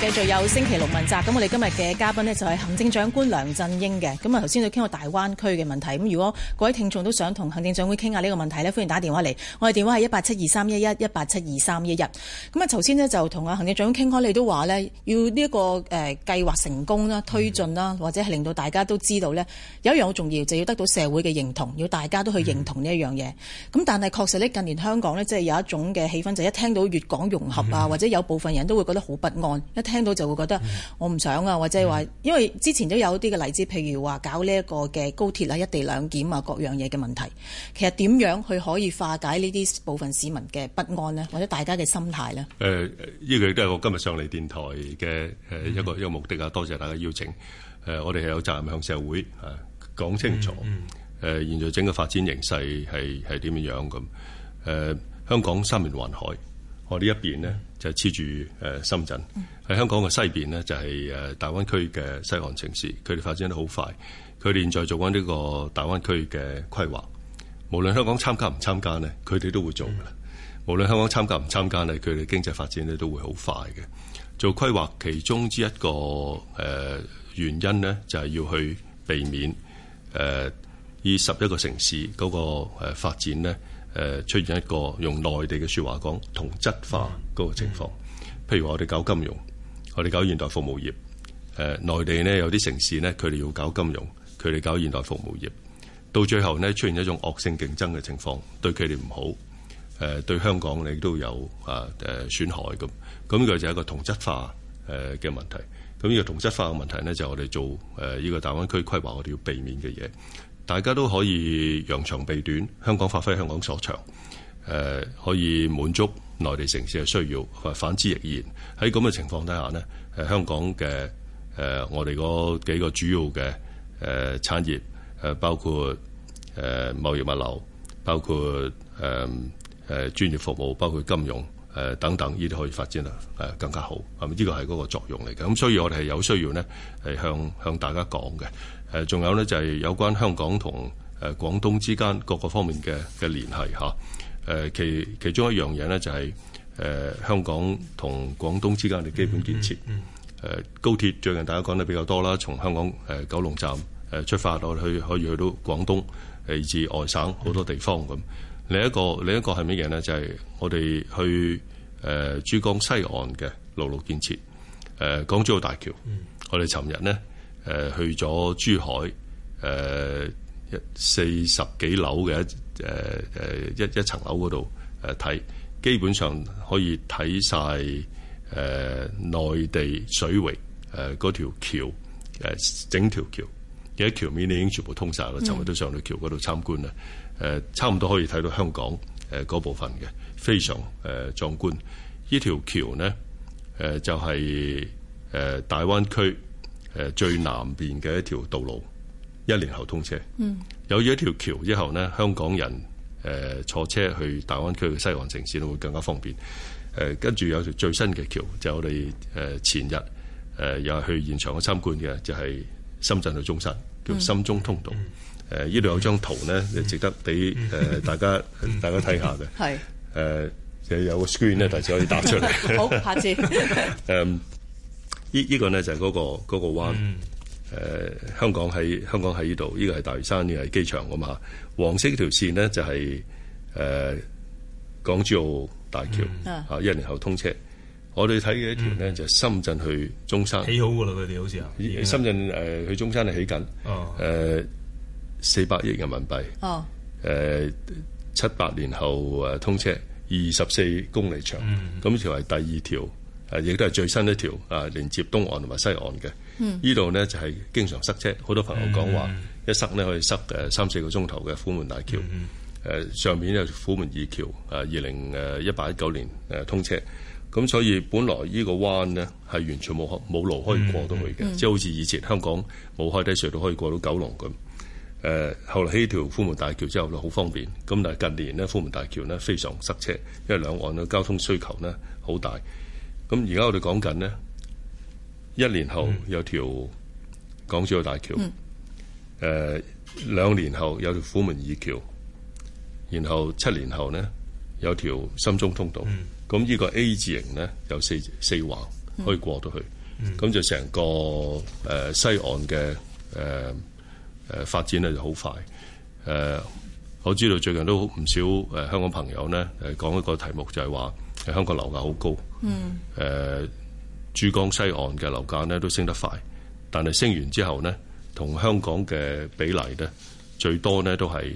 繼續有星期六問責，咁我哋今日嘅嘉賓呢，就係行政長官梁振英嘅。咁啊頭先都傾過大灣區嘅問題，咁如果各位聽眾都想同行政長官傾下呢個問題呢，歡迎打電話嚟。我哋電話係一八七二三一一一八七二三一一。咁啊頭先呢，就同行政長官傾開，你都話呢，要呢一個計劃成功啦、推進啦，或者係令到大家都知道呢，有一樣好重要，就是、要得到社會嘅認同，要大家都去認同呢一樣嘢。咁、嗯、但係確實呢，近年香港呢，即、就、係、是、有一種嘅氣氛，就係一聽到粵港融合啊、嗯，或者有部分人都會覺得好不安。聽到就會覺得我唔想啊，或者係話，因為之前都有啲嘅例子，譬如話搞呢一個嘅高鐵啊、一地兩檢啊、各樣嘢嘅問題，其實點樣去可以化解呢啲部分市民嘅不安呢？或者大家嘅心態呢？誒、呃，呢個都係我今日上嚟電台嘅誒一個、嗯、一個目的啊！多謝大家邀請。誒、呃，我哋係有責任向社會啊講清楚。誒、嗯嗯，現、呃、在整個發展形勢係係點樣樣咁？誒、呃，香港三面環海。我呢一邊呢，就係黐住誒深圳，喺、嗯、香港嘅西邊呢，就係誒大灣區嘅西岸城市，佢哋發展得好快。佢哋現在做緊呢個大灣區嘅規劃，無論香港參加唔參加呢，佢哋都會做嘅、嗯。無論香港參加唔參加呢，佢哋經濟發展咧都會好快嘅。做規劃其中之一個誒原因呢，就係要去避免誒呢十一個城市嗰個誒發展呢，誒出現一個用內地嘅説話講同質化嗰個情況，譬如我哋搞金融，我哋搞現代服務業，誒、呃、內地呢有啲城市呢，佢哋要搞金融，佢哋搞現代服務業，到最後呢，出現一種惡性競爭嘅情況，對佢哋唔好，誒、呃、對香港你都有啊誒、呃、損害咁，咁呢個就係一個同質化誒嘅、呃、問題，咁呢個同質化嘅問題呢，就係，我哋做誒呢、呃這個大灣區規劃，我哋要避免嘅嘢。大家都可以揚長避短，香港發揮香港所長，呃、可以滿足內地城市嘅需要，反之亦然。喺咁嘅情況底下呢、呃、香港嘅、呃、我哋嗰幾個主要嘅誒、呃、產業，包括誒、呃、貿易物流，包括誒誒、呃、專業服務，包括金融。誒等等，呢啲可以發展啦，誒更加好，係咪？呢個係嗰個作用嚟嘅。咁所以我哋係有需要呢，係向向大家講嘅。誒，仲有呢，就係有關香港同誒廣東之間各個方面嘅嘅聯繫嚇。誒，其其中一樣嘢呢，就係誒香港同廣東之間嘅基本建設。誒、嗯嗯嗯，高鐵最近大家講得比較多啦，從香港誒九龍站誒出發，落去可以去到廣東，嚟自外省好多地方咁。嗯嗯。另一個另一個係乜嘢咧？就係、是、我哋去誒珠江西岸嘅路路建設誒港、呃、珠澳大橋。嗯、我哋尋日咧誒、呃、去咗珠海誒、呃、一四十幾樓嘅誒誒一一層樓嗰度誒睇，基本上可以睇晒誒內地水域誒嗰條橋整條橋，而家橋面你已經全部通晒啦。尋、嗯、日都上到橋嗰度參觀啦。誒差唔多可以睇到香港誒嗰部分嘅，非常誒壯觀。呢條橋呢，誒就係、是、誒大灣區誒最南邊嘅一條道路，一年後通車。嗯，有咗一條橋之後呢，香港人誒坐車去大灣區嘅西岸城市都會更加方便。誒跟住有條最新嘅橋，就是、我哋誒前日誒又係去現場去參觀嘅，就係、是、深圳去中山叫深中通道。嗯嗯誒呢度有張圖咧、嗯，值得俾誒、呃嗯、大家、嗯、大家睇下嘅。係就、呃、有個 screen 咧，大家可以打出嚟。 好，下次。誒、 嗯，依、這、依個咧就係、是、嗰、那個嗰、那個灣。嗯呃、香港喺香港喺依度，呢個係大嶼山，依係機場㗎嘛。黃色條線呢，就係、是、誒、呃、港珠澳大橋啊、嗯，一年後通車。我哋睇嘅一條呢，嗯、就係、是、深圳去中山。起、嗯、好㗎啦，佢哋好似啊。深圳誒、呃，去中山係起緊。哦。呃四百億人民幣哦，誒七百年後誒通車，二十四公里長，咁、嗯、條係第二條，誒亦都係最新一條啊，連接東岸同埋西岸嘅。呢度呢就係經常塞車，好多朋友講話一塞呢可以塞誒三四個鐘頭嘅虎門大橋。誒、嗯、上面呢虎門二橋，誒二零誒一八一九年誒通車，咁所以本來呢個灣呢係完全冇冇路可以過到去嘅，即、嗯、係、嗯、好似以前香港冇海底隧道可以過到九龍咁。誒，後來起條虎門大橋之後咧，好方便。咁但係近年咧，虎門大橋咧非常塞車，因為兩岸嘅交通需求咧好大。咁而家我哋講緊咧，一年後有條港珠澳大橋，誒、嗯、兩年後有條虎門二橋，然後七年後呢，有條深中通道。咁、嗯、呢個 A 字形咧有四四橫可以過到去，咁、嗯、就成個誒、呃、西岸嘅誒。呃誒發展咧就好快，誒我知道最近都唔少誒香港朋友咧誒講一個題目就係話，香港樓價好高，誒、嗯、珠江西岸嘅樓價咧都升得快，但係升完之後咧，同香港嘅比例咧，最多咧都係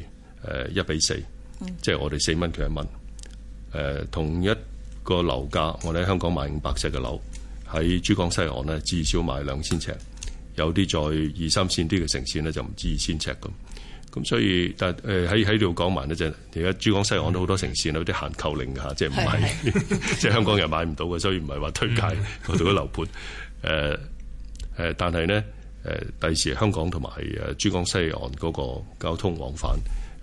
誒一比四、嗯，即係我哋四蚊佢一蚊，誒同一個樓價，我哋喺香港買五百尺嘅樓，喺珠江西岸咧至少買兩千尺。有啲在二三線啲嘅城市咧，就唔止二千尺咁。咁所以，但誒喺喺度講埋咧，就而家珠江西岸都好多城市啦、嗯，有啲限購令㗎，即係唔係即係香港人買唔到嘅，所以唔係話推介嗰度嘅樓盤誒誒。 但係咧誒，第時香港同埋誒珠江西岸嗰個交通往返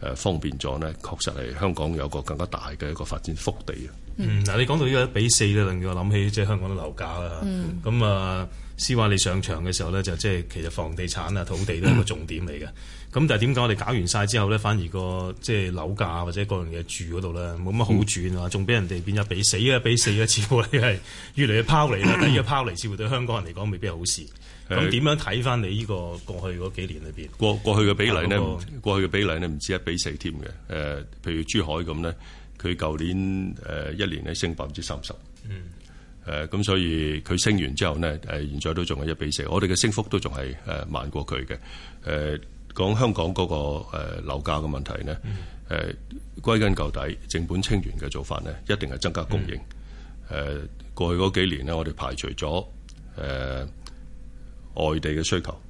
誒方便咗咧，確實係香港有一個更加大嘅一個發展福地啊！嗯，嗱，你講到呢個一比四咧，令我諗起即係香港啲樓價啦。咁、嗯、啊，私話你上場嘅時候咧，就即、就、係、是、其實房地產啊、土地都係一個重點嚟嘅。咁 但係點解我哋搞完晒之後咧，反而、那個即係、就是、樓價或者個人嘅住嗰度咧，冇乜好轉啊？仲、嗯、俾人哋變咗比死比四咧，比四咧，似乎係越嚟越拋離啦。而家拋離 似乎對香港人嚟講未必係好事。咁點樣睇翻你呢個過去嗰幾年裏邊？過去的、那個、過去嘅比例呢？過去嘅比例呢，唔止一比四添嘅。誒，譬如珠海咁咧。佢舊年誒一年咧升百分之三十，誒咁、嗯呃、所以佢升完之後咧誒、呃、現在都仲係一比四，我哋嘅升幅都仲係誒慢過佢嘅。誒、呃、講香港嗰、那個誒、呃、樓價嘅問題咧，誒、呃、歸根究底，正本清源嘅做法咧，一定係增加供應。誒、嗯呃、過去嗰幾年咧，我哋排除咗誒、呃、外地嘅需求，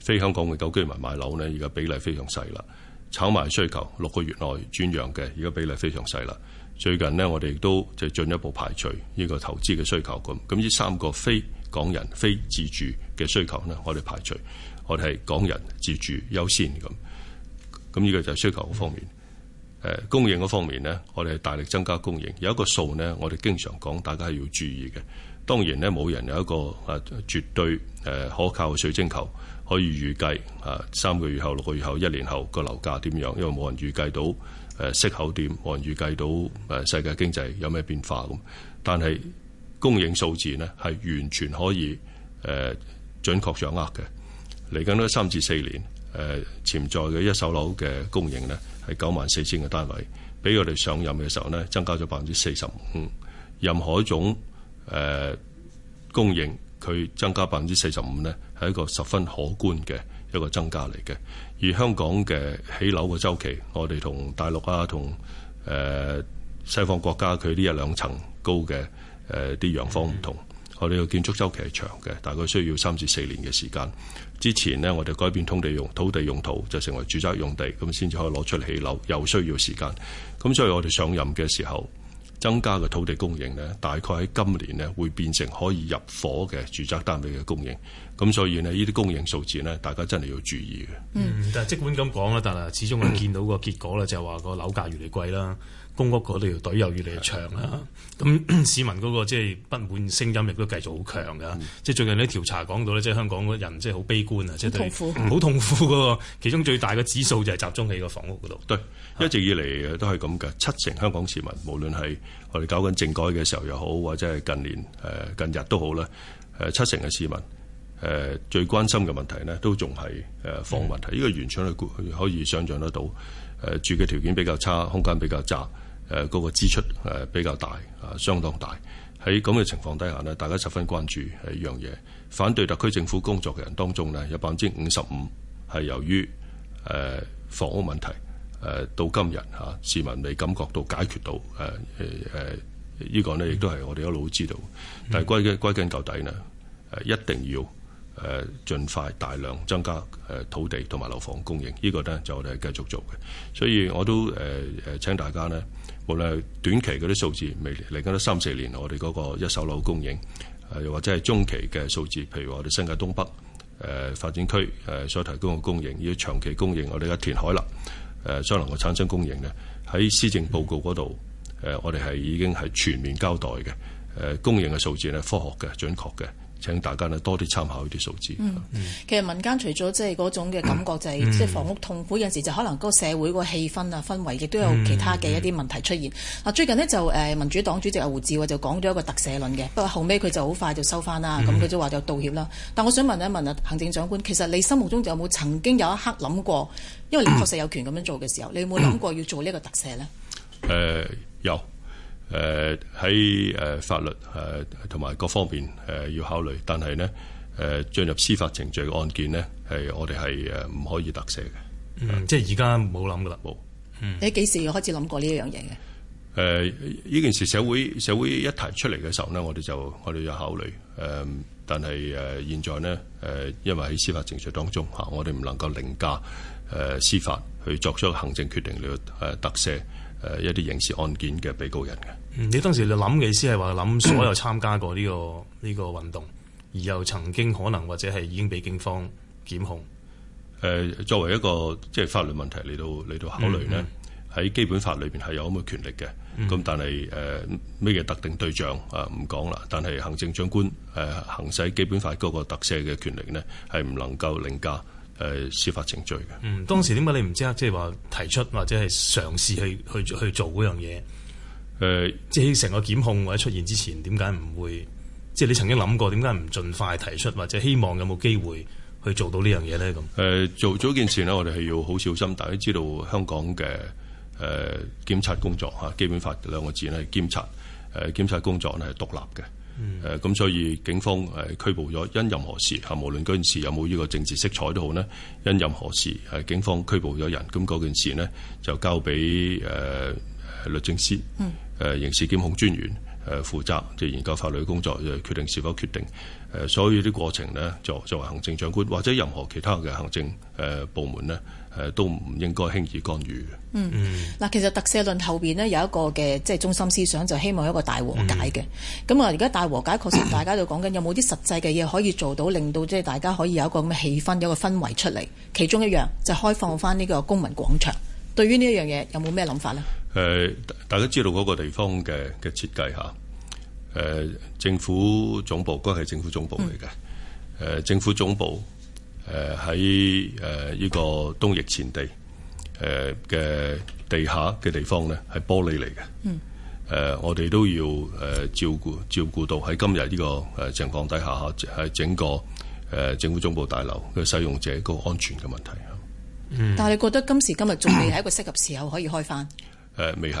非香港嘅舊居民買樓咧，而家比例非常細啦。炒賣需求六個月內轉讓嘅，而家比例非常細啦。最近呢，我哋亦都就進一步排除呢個投資嘅需求咁。咁呢三個非港人、非自住嘅需求呢，我哋排除。我哋係港人自住優先咁。咁呢個就係需求方面。誒供應方面呢，我哋係大力增加供應。有一個數呢，我哋經常講，大家係要注意嘅。當然咧，冇人有一個啊絕對誒可靠嘅水晶球可以預計啊三個月後、六個月後、一年後個樓價點樣，因為冇人預計到誒息口點，冇人預計到誒世界經濟有咩變化咁。但係供應數字呢係完全可以誒準確掌握嘅。嚟緊嗰三至四年誒潛在嘅一手樓嘅供應呢係九萬四千個單位，比我哋上任嘅時候呢增加咗百分之四十五。任何一種誒、呃、供應佢增加百分之四十五呢，係一個十分可觀嘅一個增加嚟嘅。而香港嘅起樓個周期，我哋同大陸啊，同誒、呃、西方國家佢呢一兩層高嘅誒啲洋房唔同，我哋個建築周期係長嘅，大概需要三至四年嘅時間。之前呢，我哋改變土地用土地用途就成為住宅用地，咁先至可以攞出嚟起樓，又需要時間。咁所以我哋上任嘅時候，增加嘅土地供應咧，大概喺今年咧會變成可以入伙嘅住宅單位嘅供應。咁所以呢，呢啲供應數字咧，大家真係要注意嘅。嗯，但係即管咁講啦，但係始終係見到個結果啦，嗯，就係話個樓價越嚟貴啦。公屋嗰條隊又越嚟越長啦，咁市民嗰個即係不滿聲音亦都繼續好強噶，即係最近啲調查講到咧，即係香港嗰人即係好悲觀啊，即係好痛苦噶，其中最大嘅指數就係集中喺個房屋嗰度。對，一直以嚟都係咁噶，七成香港市民，無論係我哋搞緊政改嘅時候又好，或者係近年誒近日都好咧，誒七成嘅市民誒最關心嘅問題呢，都仲係誒房問題。呢個完全可可以想象得到，誒住嘅條件比較差，空間比較窄。誒嗰個支出誒比較大啊。相當大喺咁嘅情況底下咧，大家十分關注係一樣嘢。反對特區政府工作嘅人當中咧，有百分之五十五係由於誒房屋問題誒到今日嚇市民未感覺到解決到，誒誒呢個呢，亦都係我哋一路知道。但係歸根歸根究底咧，誒一定要誒盡快大量增加誒土地同埋樓房供應，呢個呢，就我哋繼續做嘅。所以我都誒誒請大家呢。無論短期嗰啲數字，未嚟緊啲三四年，我哋嗰個一手樓供應，誒又或者係中期嘅數字，譬如話我哋新界東北誒發展區誒所提供嘅供應，要長期供應我們的，我哋嘅填海啦誒，所能夠產生供應嘅喺施政報告嗰度，誒我哋係已經係全面交代嘅，誒供應嘅數字咧，科學嘅準確嘅。請大家咧多啲參考呢啲數字、嗯嗯。其實民間除咗即係嗰種嘅感覺就係，即係房屋痛苦，有陣時就可能個社會個氣氛啊氛圍，亦都有其他嘅一啲問題出現。啊、嗯嗯，最近呢，就誒民主黨主席胡志偉就講咗一個特赦論嘅，不過後尾佢就好快就收翻啦。咁、嗯、佢就話就道歉啦。但我想問一問啊，行政長官，其實你心目中有冇曾經有一刻諗過，因為你確實有權咁樣做嘅時候，你有冇諗過要做呢一個特赦呢？誒、呃，有。誒喺誒法律誒同埋各方面誒、呃、要考慮，但係呢誒進入司法程序嘅案件呢係我哋係誒唔可以特赦嘅、嗯，嗯，即係而家冇諗過嘞，冇、嗯。你幾時開始諗過呢一樣嘢嘅？誒、呃、呢件事社會社會一提出嚟嘅時候呢，我哋就我哋要考慮誒、呃，但係誒現在呢，誒、呃，因為喺司法程序當中嚇、呃，我哋唔能夠凌駕誒、呃、司法去作出行政決定嚟嘅、呃、特赦。一啲刑事案件嘅被告人嘅、嗯，你當時你諗嘅意思係話諗所有參加過呢、呢個呢、嗯呢個運動，而又曾經可能或者係已經被警方檢控。誒、呃，作為一個即係法律問題嚟到嚟到考慮咧，喺、嗯嗯、基本法裏邊係有咁嘅權力嘅，咁、嗯、但係誒咩嘅特定對象啊唔講啦，但係行政長官誒、呃、行使基本法嗰個特赦嘅權力呢，係唔能夠凌駕。誒、呃，司法程序嘅。嗯，當時點解你唔即刻即係話提出或者係嘗試去去去做嗰樣嘢？誒、呃，即係成個檢控或者出現之前，點解唔會？即、就、係、是、你曾經諗過，點解唔盡快提出或者希望有冇機會去做到呢樣嘢咧？咁、呃、誒，做咗件事呢，我哋係要好小心。大家知道香港嘅誒，檢、呃、察工作吓，《基本法》兩個字咧係檢察，誒、呃，檢察工作呢係獨立嘅。誒、嗯、咁所以警方誒拘捕咗因任何事嚇，無論嗰件事有冇呢個政治色彩都好呢，因任何事係警方拘捕咗人，咁嗰件事呢就交俾誒、呃、律政司、誒刑事檢控專員誒負責，即、就、係、是、研究法律工作，就決定是否決定。誒所以啲過程呢，就作為行政長官或者任何其他嘅行政誒部門呢。誒都唔應該輕易干預嘅。嗯，嗯，嗱，其實特赦論後邊呢有一個嘅即係中心思想，就希望有一個大和解嘅。咁啊，而家大和解確實，大家都講緊有冇啲實際嘅嘢可以做到，令到即係大家可以有一個咁嘅氣氛，有一個氛圍出嚟。其中一樣就開放翻呢個公民廣場。對於呢一樣嘢，有冇咩諗法呢？誒、呃，大家知道嗰個地方嘅嘅設計吓。誒、呃，政府總部，嗰係政府總部嚟嘅。誒、嗯呃，政府總部。誒喺，誒呢個東翼前地誒嘅地下嘅地方咧，係玻璃嚟嘅，誒、嗯、我哋都要誒照顧照顧到喺今日呢個誒情況底下吓，係整個誒政府總部大樓嘅使用者個安全嘅問題、嗯、但係你覺得今時今日仲未係一個適合時候可以開返？誒、嗯、未係，誒、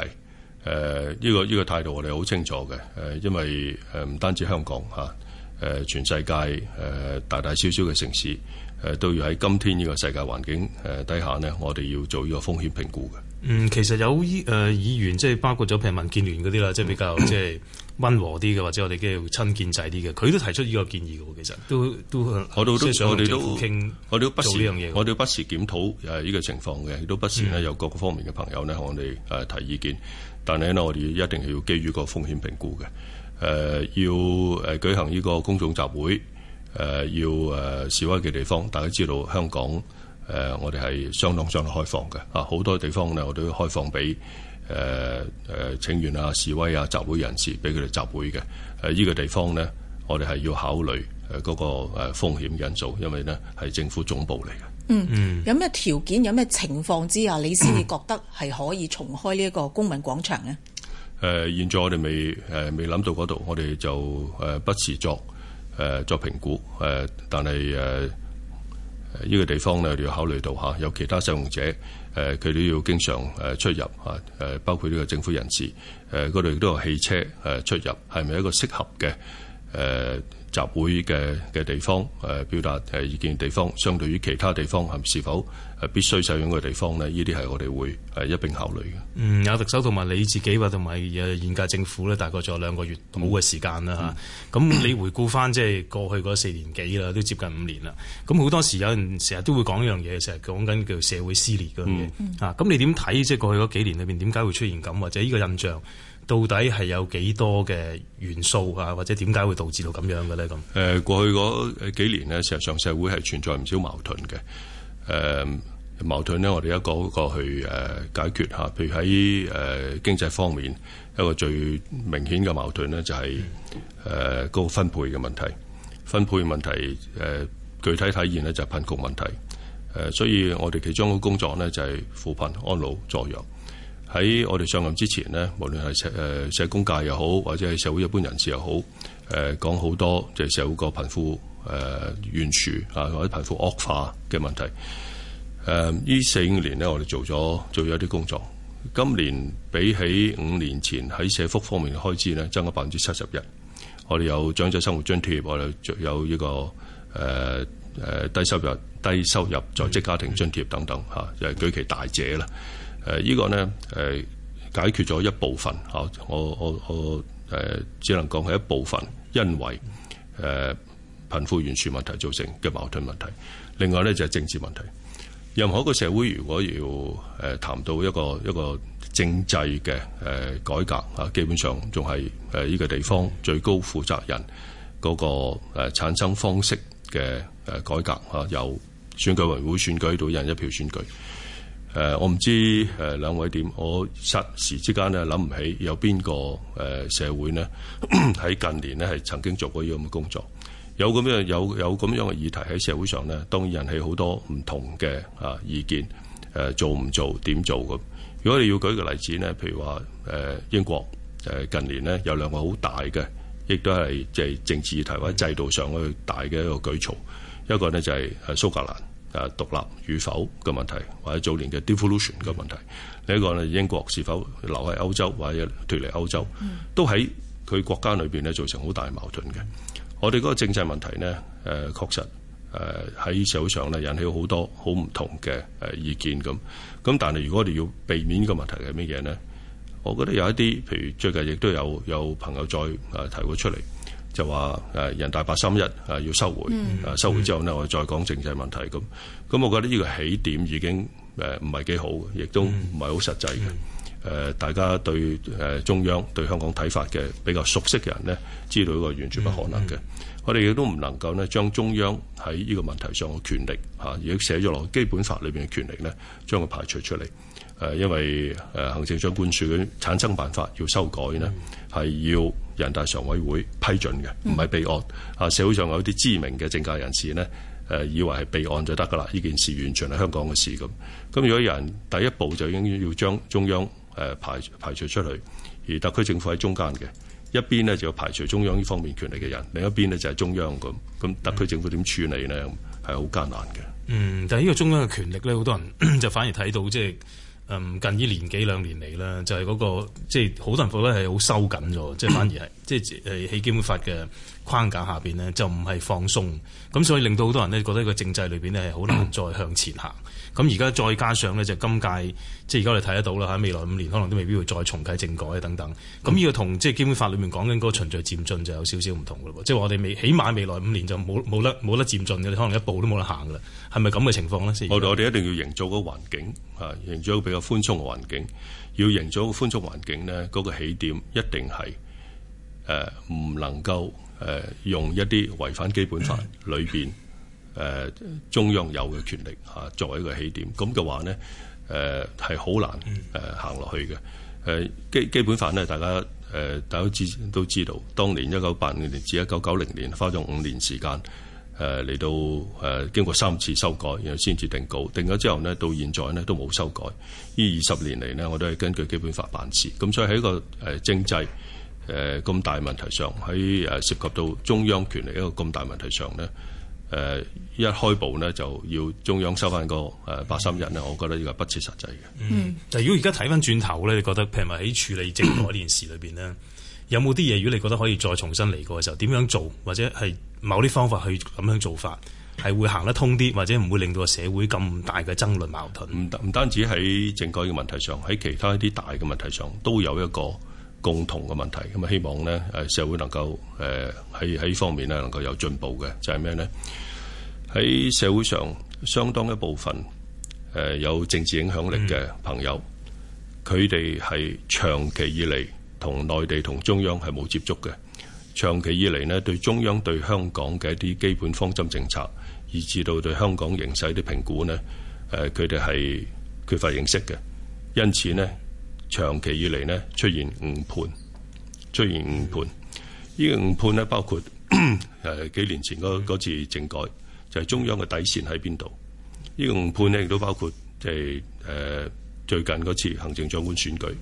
呃、呢、呢個呢、呢個態度我哋好清楚嘅，誒因為誒唔單止香港吓。啊誒、呃、全世界誒、呃、大大小小嘅城市誒、呃，都要喺今天呢個世界環境誒、呃、底下呢，我哋要做呢個風險評估嘅。嗯，其實有議誒、呃、議員，即係包括咗譬如民建聯嗰啲啦，即係比較即係溫和啲嘅，或者我哋叫親建制啲嘅，佢都提出呢個建議嘅。其實都都，都我哋都想我哋都，都，都不時做呢樣嘢，我哋不時檢討誒呢個情況嘅，亦、嗯、都不時呢，有各個方面嘅朋友呢，向我哋誒提意見。嗯、但係呢，我哋一定係要基於個風險評估嘅。誒、呃、要誒舉行呢個公眾集會，誒、呃、要誒、呃、示威嘅地方，大家知道香港誒、呃，我哋係相當相當開放嘅啊，好多地方咧，我都要開放俾誒誒請願啊、示威啊、集會人士，俾佢哋集會嘅。誒、呃、呢、這個地方咧，我哋係要考慮誒嗰個誒風險因素，因為呢係政府總部嚟嘅。嗯，有咩條件、有咩情況之下，你先至覺得係可以重開呢一個公民廣場咧？誒現在我哋未誒未諗到嗰度，我哋就誒不時作誒作評估誒，但係誒呢個地方咧，我哋要考慮到嚇，有其他使用者誒，佢都要經常誒出入嚇誒，包括呢個政府人士誒，嗰度亦都有汽車誒出入，係咪一個適合嘅誒集會嘅嘅地方誒，表達誒意見嘅地方，相對於其他地方係咪是否？必須使用嘅地方咧，呢啲係我哋會係一並考慮嘅。嗯，阿特首同埋你自己話，同埋誒現屆政府咧，大概仲有兩個月冇嘅時間啦嚇。咁、嗯、你回顧翻即係過去嗰四年幾啦，都接近五年啦。咁好多時有人成日都會講一樣嘢，成日講緊叫社會撕裂咁嘅。啊、嗯，咁你點睇即係過去嗰幾年裏邊點解會出現咁，或者呢個印象到底係有幾多嘅元素啊，或者點解會導致到咁樣嘅咧？咁誒，過去嗰幾年呢，事實上社會係存在唔少矛盾嘅。誒、嗯。矛盾呢，我哋一個一個去誒解決吓，譬如喺誒、呃、經濟方面，一個最明顯嘅矛盾呢，就係誒個分配嘅問題。分配問題誒，具體體現呢，就係、是、貧窮問題。誒、呃，所以我哋其中嘅工作呢，就係、是、扶貧、安老、助弱。喺我哋上任之前呢，無論係社誒社工界又好，或者係社會一般人士又好，誒、呃、講好多即係社會個貧富誒懸殊啊，或者貧富惡化嘅問題。誒，呢四年咧，我哋做咗做咗一啲工作。今年比起五年前喺社福方面嘅開支咧，增加百分之七十一。我哋有長者生活津貼，我哋有呢個誒誒、呃、低收入低收入在職家庭津貼等等吓，就係、是、舉其大者啦。誒、呃，呢、這個呢誒、呃、解決咗一部分吓，我我我誒，只能講係一部分，呃、部分因為誒、呃、貧富懸殊問題造成嘅矛盾問題。另外咧就係、是、政治問題。任何一個社會如果要誒談到一個一個政制嘅誒改革啊，基本上仲係誒呢個地方最高負責人嗰個誒產生方式嘅誒改革嚇，由選舉委員會選舉到一人一票選舉。誒我唔知誒兩位點，我霎時之間咧諗唔起有邊個誒社會呢，喺近年咧係曾經做過咁樣嘅工作。有咁嘅有有咁樣嘅議題喺社會上咧，當然引起好多唔同嘅啊意見，誒做唔做、點做咁。如果你要舉一個例子咧，譬如話誒英國誒近年咧有兩個好大嘅，亦都係即係政治議題或者制度上去大嘅一個舉措。一個呢就係蘇格蘭啊獨立與否嘅問題，或者早年嘅 devolution 嘅問題。另一個呢，英國是否留喺歐洲或者脫離歐洲，都喺佢國家裏邊咧造成好大矛盾嘅。我哋嗰個政制問題咧，確實喺社會上咧引起好多好唔同嘅意見咁。咁但係如果我哋要避免呢個問題係咩嘢咧？我覺得有一啲，譬如最近亦都有有朋友再提過出嚟，就話人大八三一要收回，mm. 收回之後咧我再講政制問題咁。咁我覺得呢個起點已經唔係幾好，亦都唔係好實際嘅。大家對中央對香港睇法嘅比較熟悉嘅人呢，知道個完全不可能嘅。我哋亦都唔能夠將中央喺呢個問題上嘅權力嚇，已經寫咗落基本法裏面嘅權力呢，將佢排除出嚟。因為行政長官署嘅產生辦法要修改呢，係要人大常委會批准嘅，唔係備案。啊，社會上有啲知名嘅政界人士呢，以為係備案就得㗎啦，呢件事完全係香港嘅事咁。咁如果有人第一步就已經要將中央。誒，排排除出去，而特區政府喺中間嘅，一邊呢，就要排除中央呢方面權力嘅人，另一邊呢，就係中央噉，咁特區政府點處理呢？係好艱難嘅。嗯，但係呢個中央嘅權力咧，好多人就反而睇到，即係，嗯，近呢年幾兩年嚟咧，就係嗰個，即係好多人覺得係好收緊咗，即係 反而係，即係誒，喺基本法嘅。框架下邊咧就唔係放鬆，咁所以令到好多人咧覺得個政制裏邊咧係好難再向前行。咁而家再加上咧就今屆，即係而家我哋睇得到啦嚇，未來五年可能都未必會再重啟政改等等。咁呢 個同即係基本法裏面講緊嗰個循序漸進就有少少唔同嘅喎，即係我哋未起碼未來五年就冇冇得冇得漸進嘅，你可能一步都冇得行嘅啦。係咪咁嘅情況咧？先我我哋一定要營造嗰個環境嚇，營造個比較寬鬆嘅環境。要營造個寬鬆嘅環境咧，嗰個起點一定係誒唔能夠。誒、呃、用一啲違反基本法裏邊誒中央有嘅權力嚇、啊、作為一個起點，咁嘅話呢誒係好難誒行落去嘅。誒、呃、基基本法呢，大家誒、呃、大家都都知道，當年一九八五年至一九九零年花咗五年時間誒嚟到誒經過三次修改，然後先至定稿。定咗之後呢，到現在呢都冇修改。呢二十年嚟呢，我都係根據基本法辦事。咁所以喺一個誒、呃、政制。誒，咁大問題上喺誒涉及到中央權力一個咁大問題上咧，誒、呃、一開步呢就要中央收翻個誒八三一咧，1, 我覺得呢個不切實際嘅。嗯，但係如果而家睇翻轉頭咧，你覺得譬如話喺處理政改呢件事裏邊呢， 有冇啲嘢？如果你覺得可以再重新嚟過嘅時候，點樣做或者係某啲方法去咁樣做法，係會行得通啲，或者唔會令到個社會咁大嘅爭論矛盾？唔唔單止喺政改嘅問題上，喺其他一啲大嘅問題上，都有一個。共同嘅問題，咁啊希望呢誒社會能夠誒喺喺方面呢能夠有進步嘅，就係咩呢？喺社會上相當一部分誒有政治影響力嘅朋友，佢哋係長期以嚟同內地同中央係冇接觸嘅，長期以嚟呢對中央對香港嘅一啲基本方針政策，以至到對香港形勢啲評估呢誒佢哋係缺乏認識嘅，因此呢。長期以嚟咧出現誤判，出現誤判。呢、這個誤判咧包括誒、 啊、幾年前嗰次政改，就係、是、中央嘅底線喺邊度。呢、這個誤判咧亦都包括即係誒最近嗰次行政長官選舉，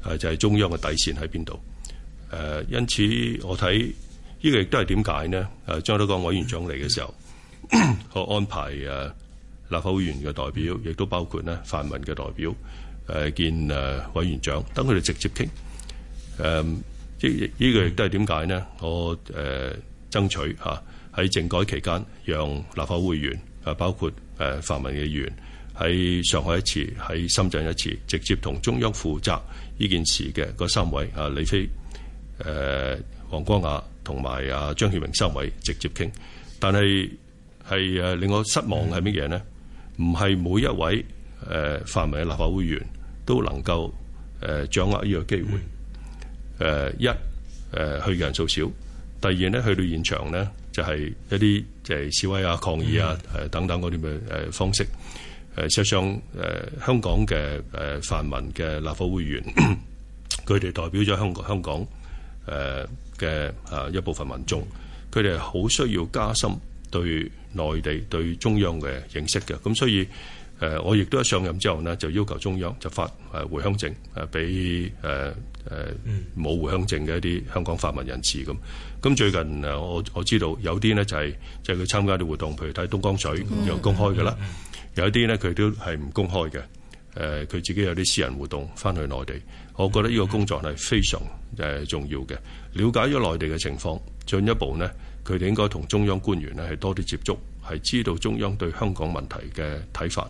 啊就係、是、中央嘅底線喺邊度。誒、啊，因此我睇呢、這個亦都係點解呢？誒、啊，張德江委員長嚟嘅時候， 我安排誒立法會議員嘅代表，亦都包括呢泛民嘅代表。誒見誒委員長，等佢哋直接傾。誒、嗯，即、這、呢個亦都係點解呢？我誒、呃、爭取嚇喺政改期間，讓立法會議員啊，包括誒、啊、泛民嘅議員喺上海一次，喺深圳一次，直接同中央負責呢件事嘅嗰三位啊，李飛、誒、啊、王光亞同埋啊張曉明三位直接傾。但係係誒令我失望係乜嘢呢？唔係每一位誒、啊、泛民嘅立法會議員。都能夠誒掌握呢個機會。誒、嗯、一誒去嘅人數少，第二咧去到現場咧就係、是、一啲即係示威啊、抗議啊、誒等等嗰啲嘅誒方式，誒、嗯、實上相香港嘅誒泛民嘅立法會議員，佢、嗯、哋代表咗香香港誒嘅啊一部分民眾，佢哋係好需要加深對內地對中央嘅認識嘅，咁所以。誒、啊，我亦都一上任之後呢就要求中央就發誒、啊、回鄉證誒，俾誒誒冇回鄉證嘅一啲香港泛民人士咁。咁、啊、最近誒，我我知道有啲呢、就是，就係就係佢參加啲活動，譬如睇東江水又公開嘅啦。有啲呢，佢都係唔公開嘅。誒、啊，佢自己有啲私人活動返去內地。我覺得呢個工作係非常誒、啊、重要嘅，了解咗內地嘅情況，進一步呢，佢哋應該同中央官員呢係多啲接觸。係知道中央對香港問題嘅睇法，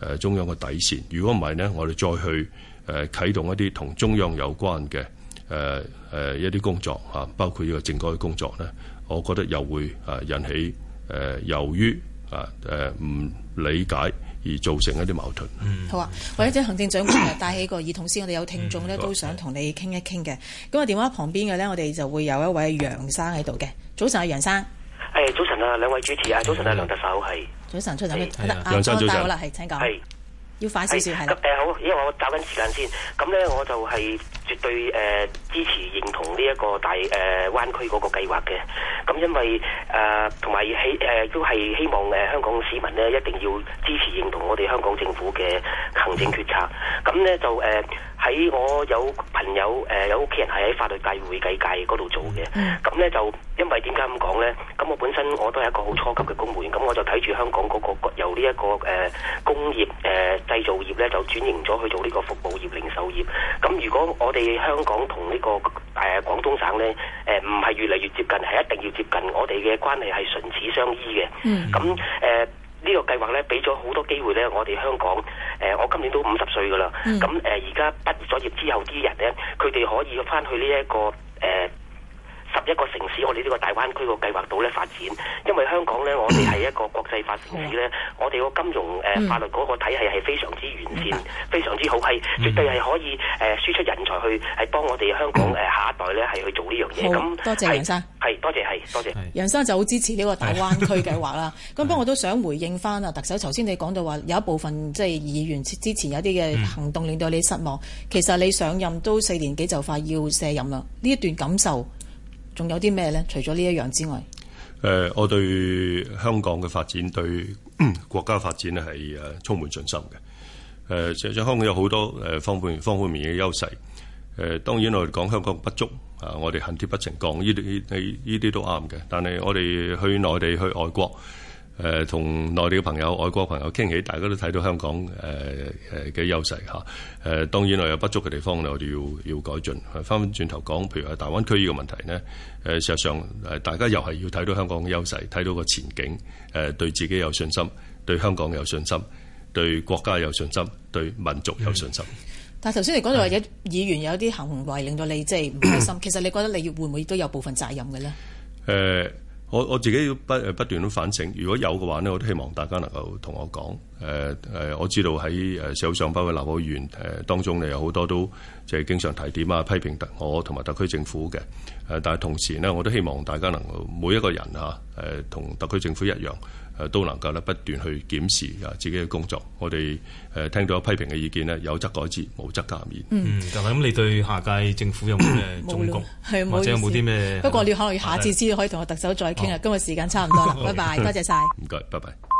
誒、啊，中央嘅底線。如果唔係呢，我哋再去誒、啊、啟動一啲同中央有關嘅誒誒一啲工作吓、啊，包括呢個政改嘅工作呢，我覺得又會誒引起誒由於啊誒唔、啊啊、理解而造成一啲矛盾。好啊，或者行政長官咳咳帶起個耳筒先，我哋有聽眾呢都想同你傾一傾嘅。咁我、啊那個、電話旁邊嘅呢，我哋就會有一位楊生喺度嘅。早晨，阿楊生。啊！兩位主持，早晨啊，梁特首係早晨，早晨，梁生早晨好啦，係請講，係要快少少係。咁誒好，因為我揸緊時間先。咁咧，我就係絕對誒支持認同呢一個大誒灣區嗰個計劃嘅。咁因為誒同埋希誒都係希望誒香港市民咧一定要支持認同我哋香港政府嘅行政決策。咁咧就誒。喺我有朋友誒有屋企人係喺法律界會計界嗰度做嘅，咁、嗯、呢，就因為點解咁講呢？咁我本身我都係一個好初級嘅公務員。咁我就睇住香港嗰個由呢一個誒工業誒製、呃、造業呢，就轉型咗去做呢個服務業零售業。咁如果我哋香港同呢、這個誒廣、呃、東省呢，誒唔係越嚟越接近，係一定要接近，我哋嘅關係，係唇齒相依嘅。咁、嗯、誒。這個、計劃呢個計劃咧，俾咗好多機會咧，我哋香港，誒、呃，我今年都五十歲噶啦。咁誒，而家畢咗業之後啲人咧，佢哋可以翻去呢、這、一個誒。呃十一個城市，我哋呢個大灣區個計劃度咧發展，因為香港呢，我哋係一個國際化城市呢、嗯，我哋個金融、呃、法律嗰個體系係非常之完善，嗯、非常之好，係、嗯、絕對係可以誒呃、輸出人才去係幫我哋香港、嗯、下一代呢係去做呢樣嘢。咁多謝楊生，係多謝，係多謝。楊生就好支持呢個大灣區計劃啦。咁 不過我都想回應翻啊， 特首，頭先你講到話有一部分即係、就是、議員之前有啲嘅行動、嗯、令到你失望。其實你上任都四年幾就快要卸任啦，呢一段感受。仲有啲咩咧？除咗呢一樣之外，誒、呃，我對香港嘅發展，對國家的發展咧，係充滿信心嘅。誒、呃，其實香港有好多誒方方面面嘅優勢。誒、呃，當然我哋講香港不足啊，我哋恨鐵不成鋼，呢啲呢啲都啱嘅。但係我哋去內地，去外國，誒、呃、同內地嘅朋友、外國朋友傾起，大家都睇到香港誒誒嘅優勢嚇。誒、呃、當然我有不足嘅地方，我哋要要改進。翻返轉頭講，譬如話大灣區呢個問題呢，誒、呃、事實上誒大家又係要睇到香港嘅優勢，睇到個前景，誒、呃、對自己有信心，對香港有信心，對國家有信心，對民族有信心。但係頭先你講到，話有議員有啲行為令到你即係唔開心， 其實你覺得你要會唔會都有部分責任嘅咧？誒、呃。我我自己要不不斷反省，如果有嘅話咧，我都希望大家能夠同我講。我知道喺社會上包括立法會當中你有好多都就係經常提點啊、批評特我同埋特區政府嘅。但係同時咧，我都希望大家能夠每一個人嚇同特區政府一樣。誒都能夠咧不斷去檢視啊自己嘅工作，我哋誒聽到批評嘅意見咧有則改之，無則加勉。嗯，就係咁。你對下屆政府有冇咩總結， 或者有冇啲咩？不過你可能下次先至可以同個特首再傾啊。今日時間差唔多啦， 拜拜，多謝晒，唔該，拜拜。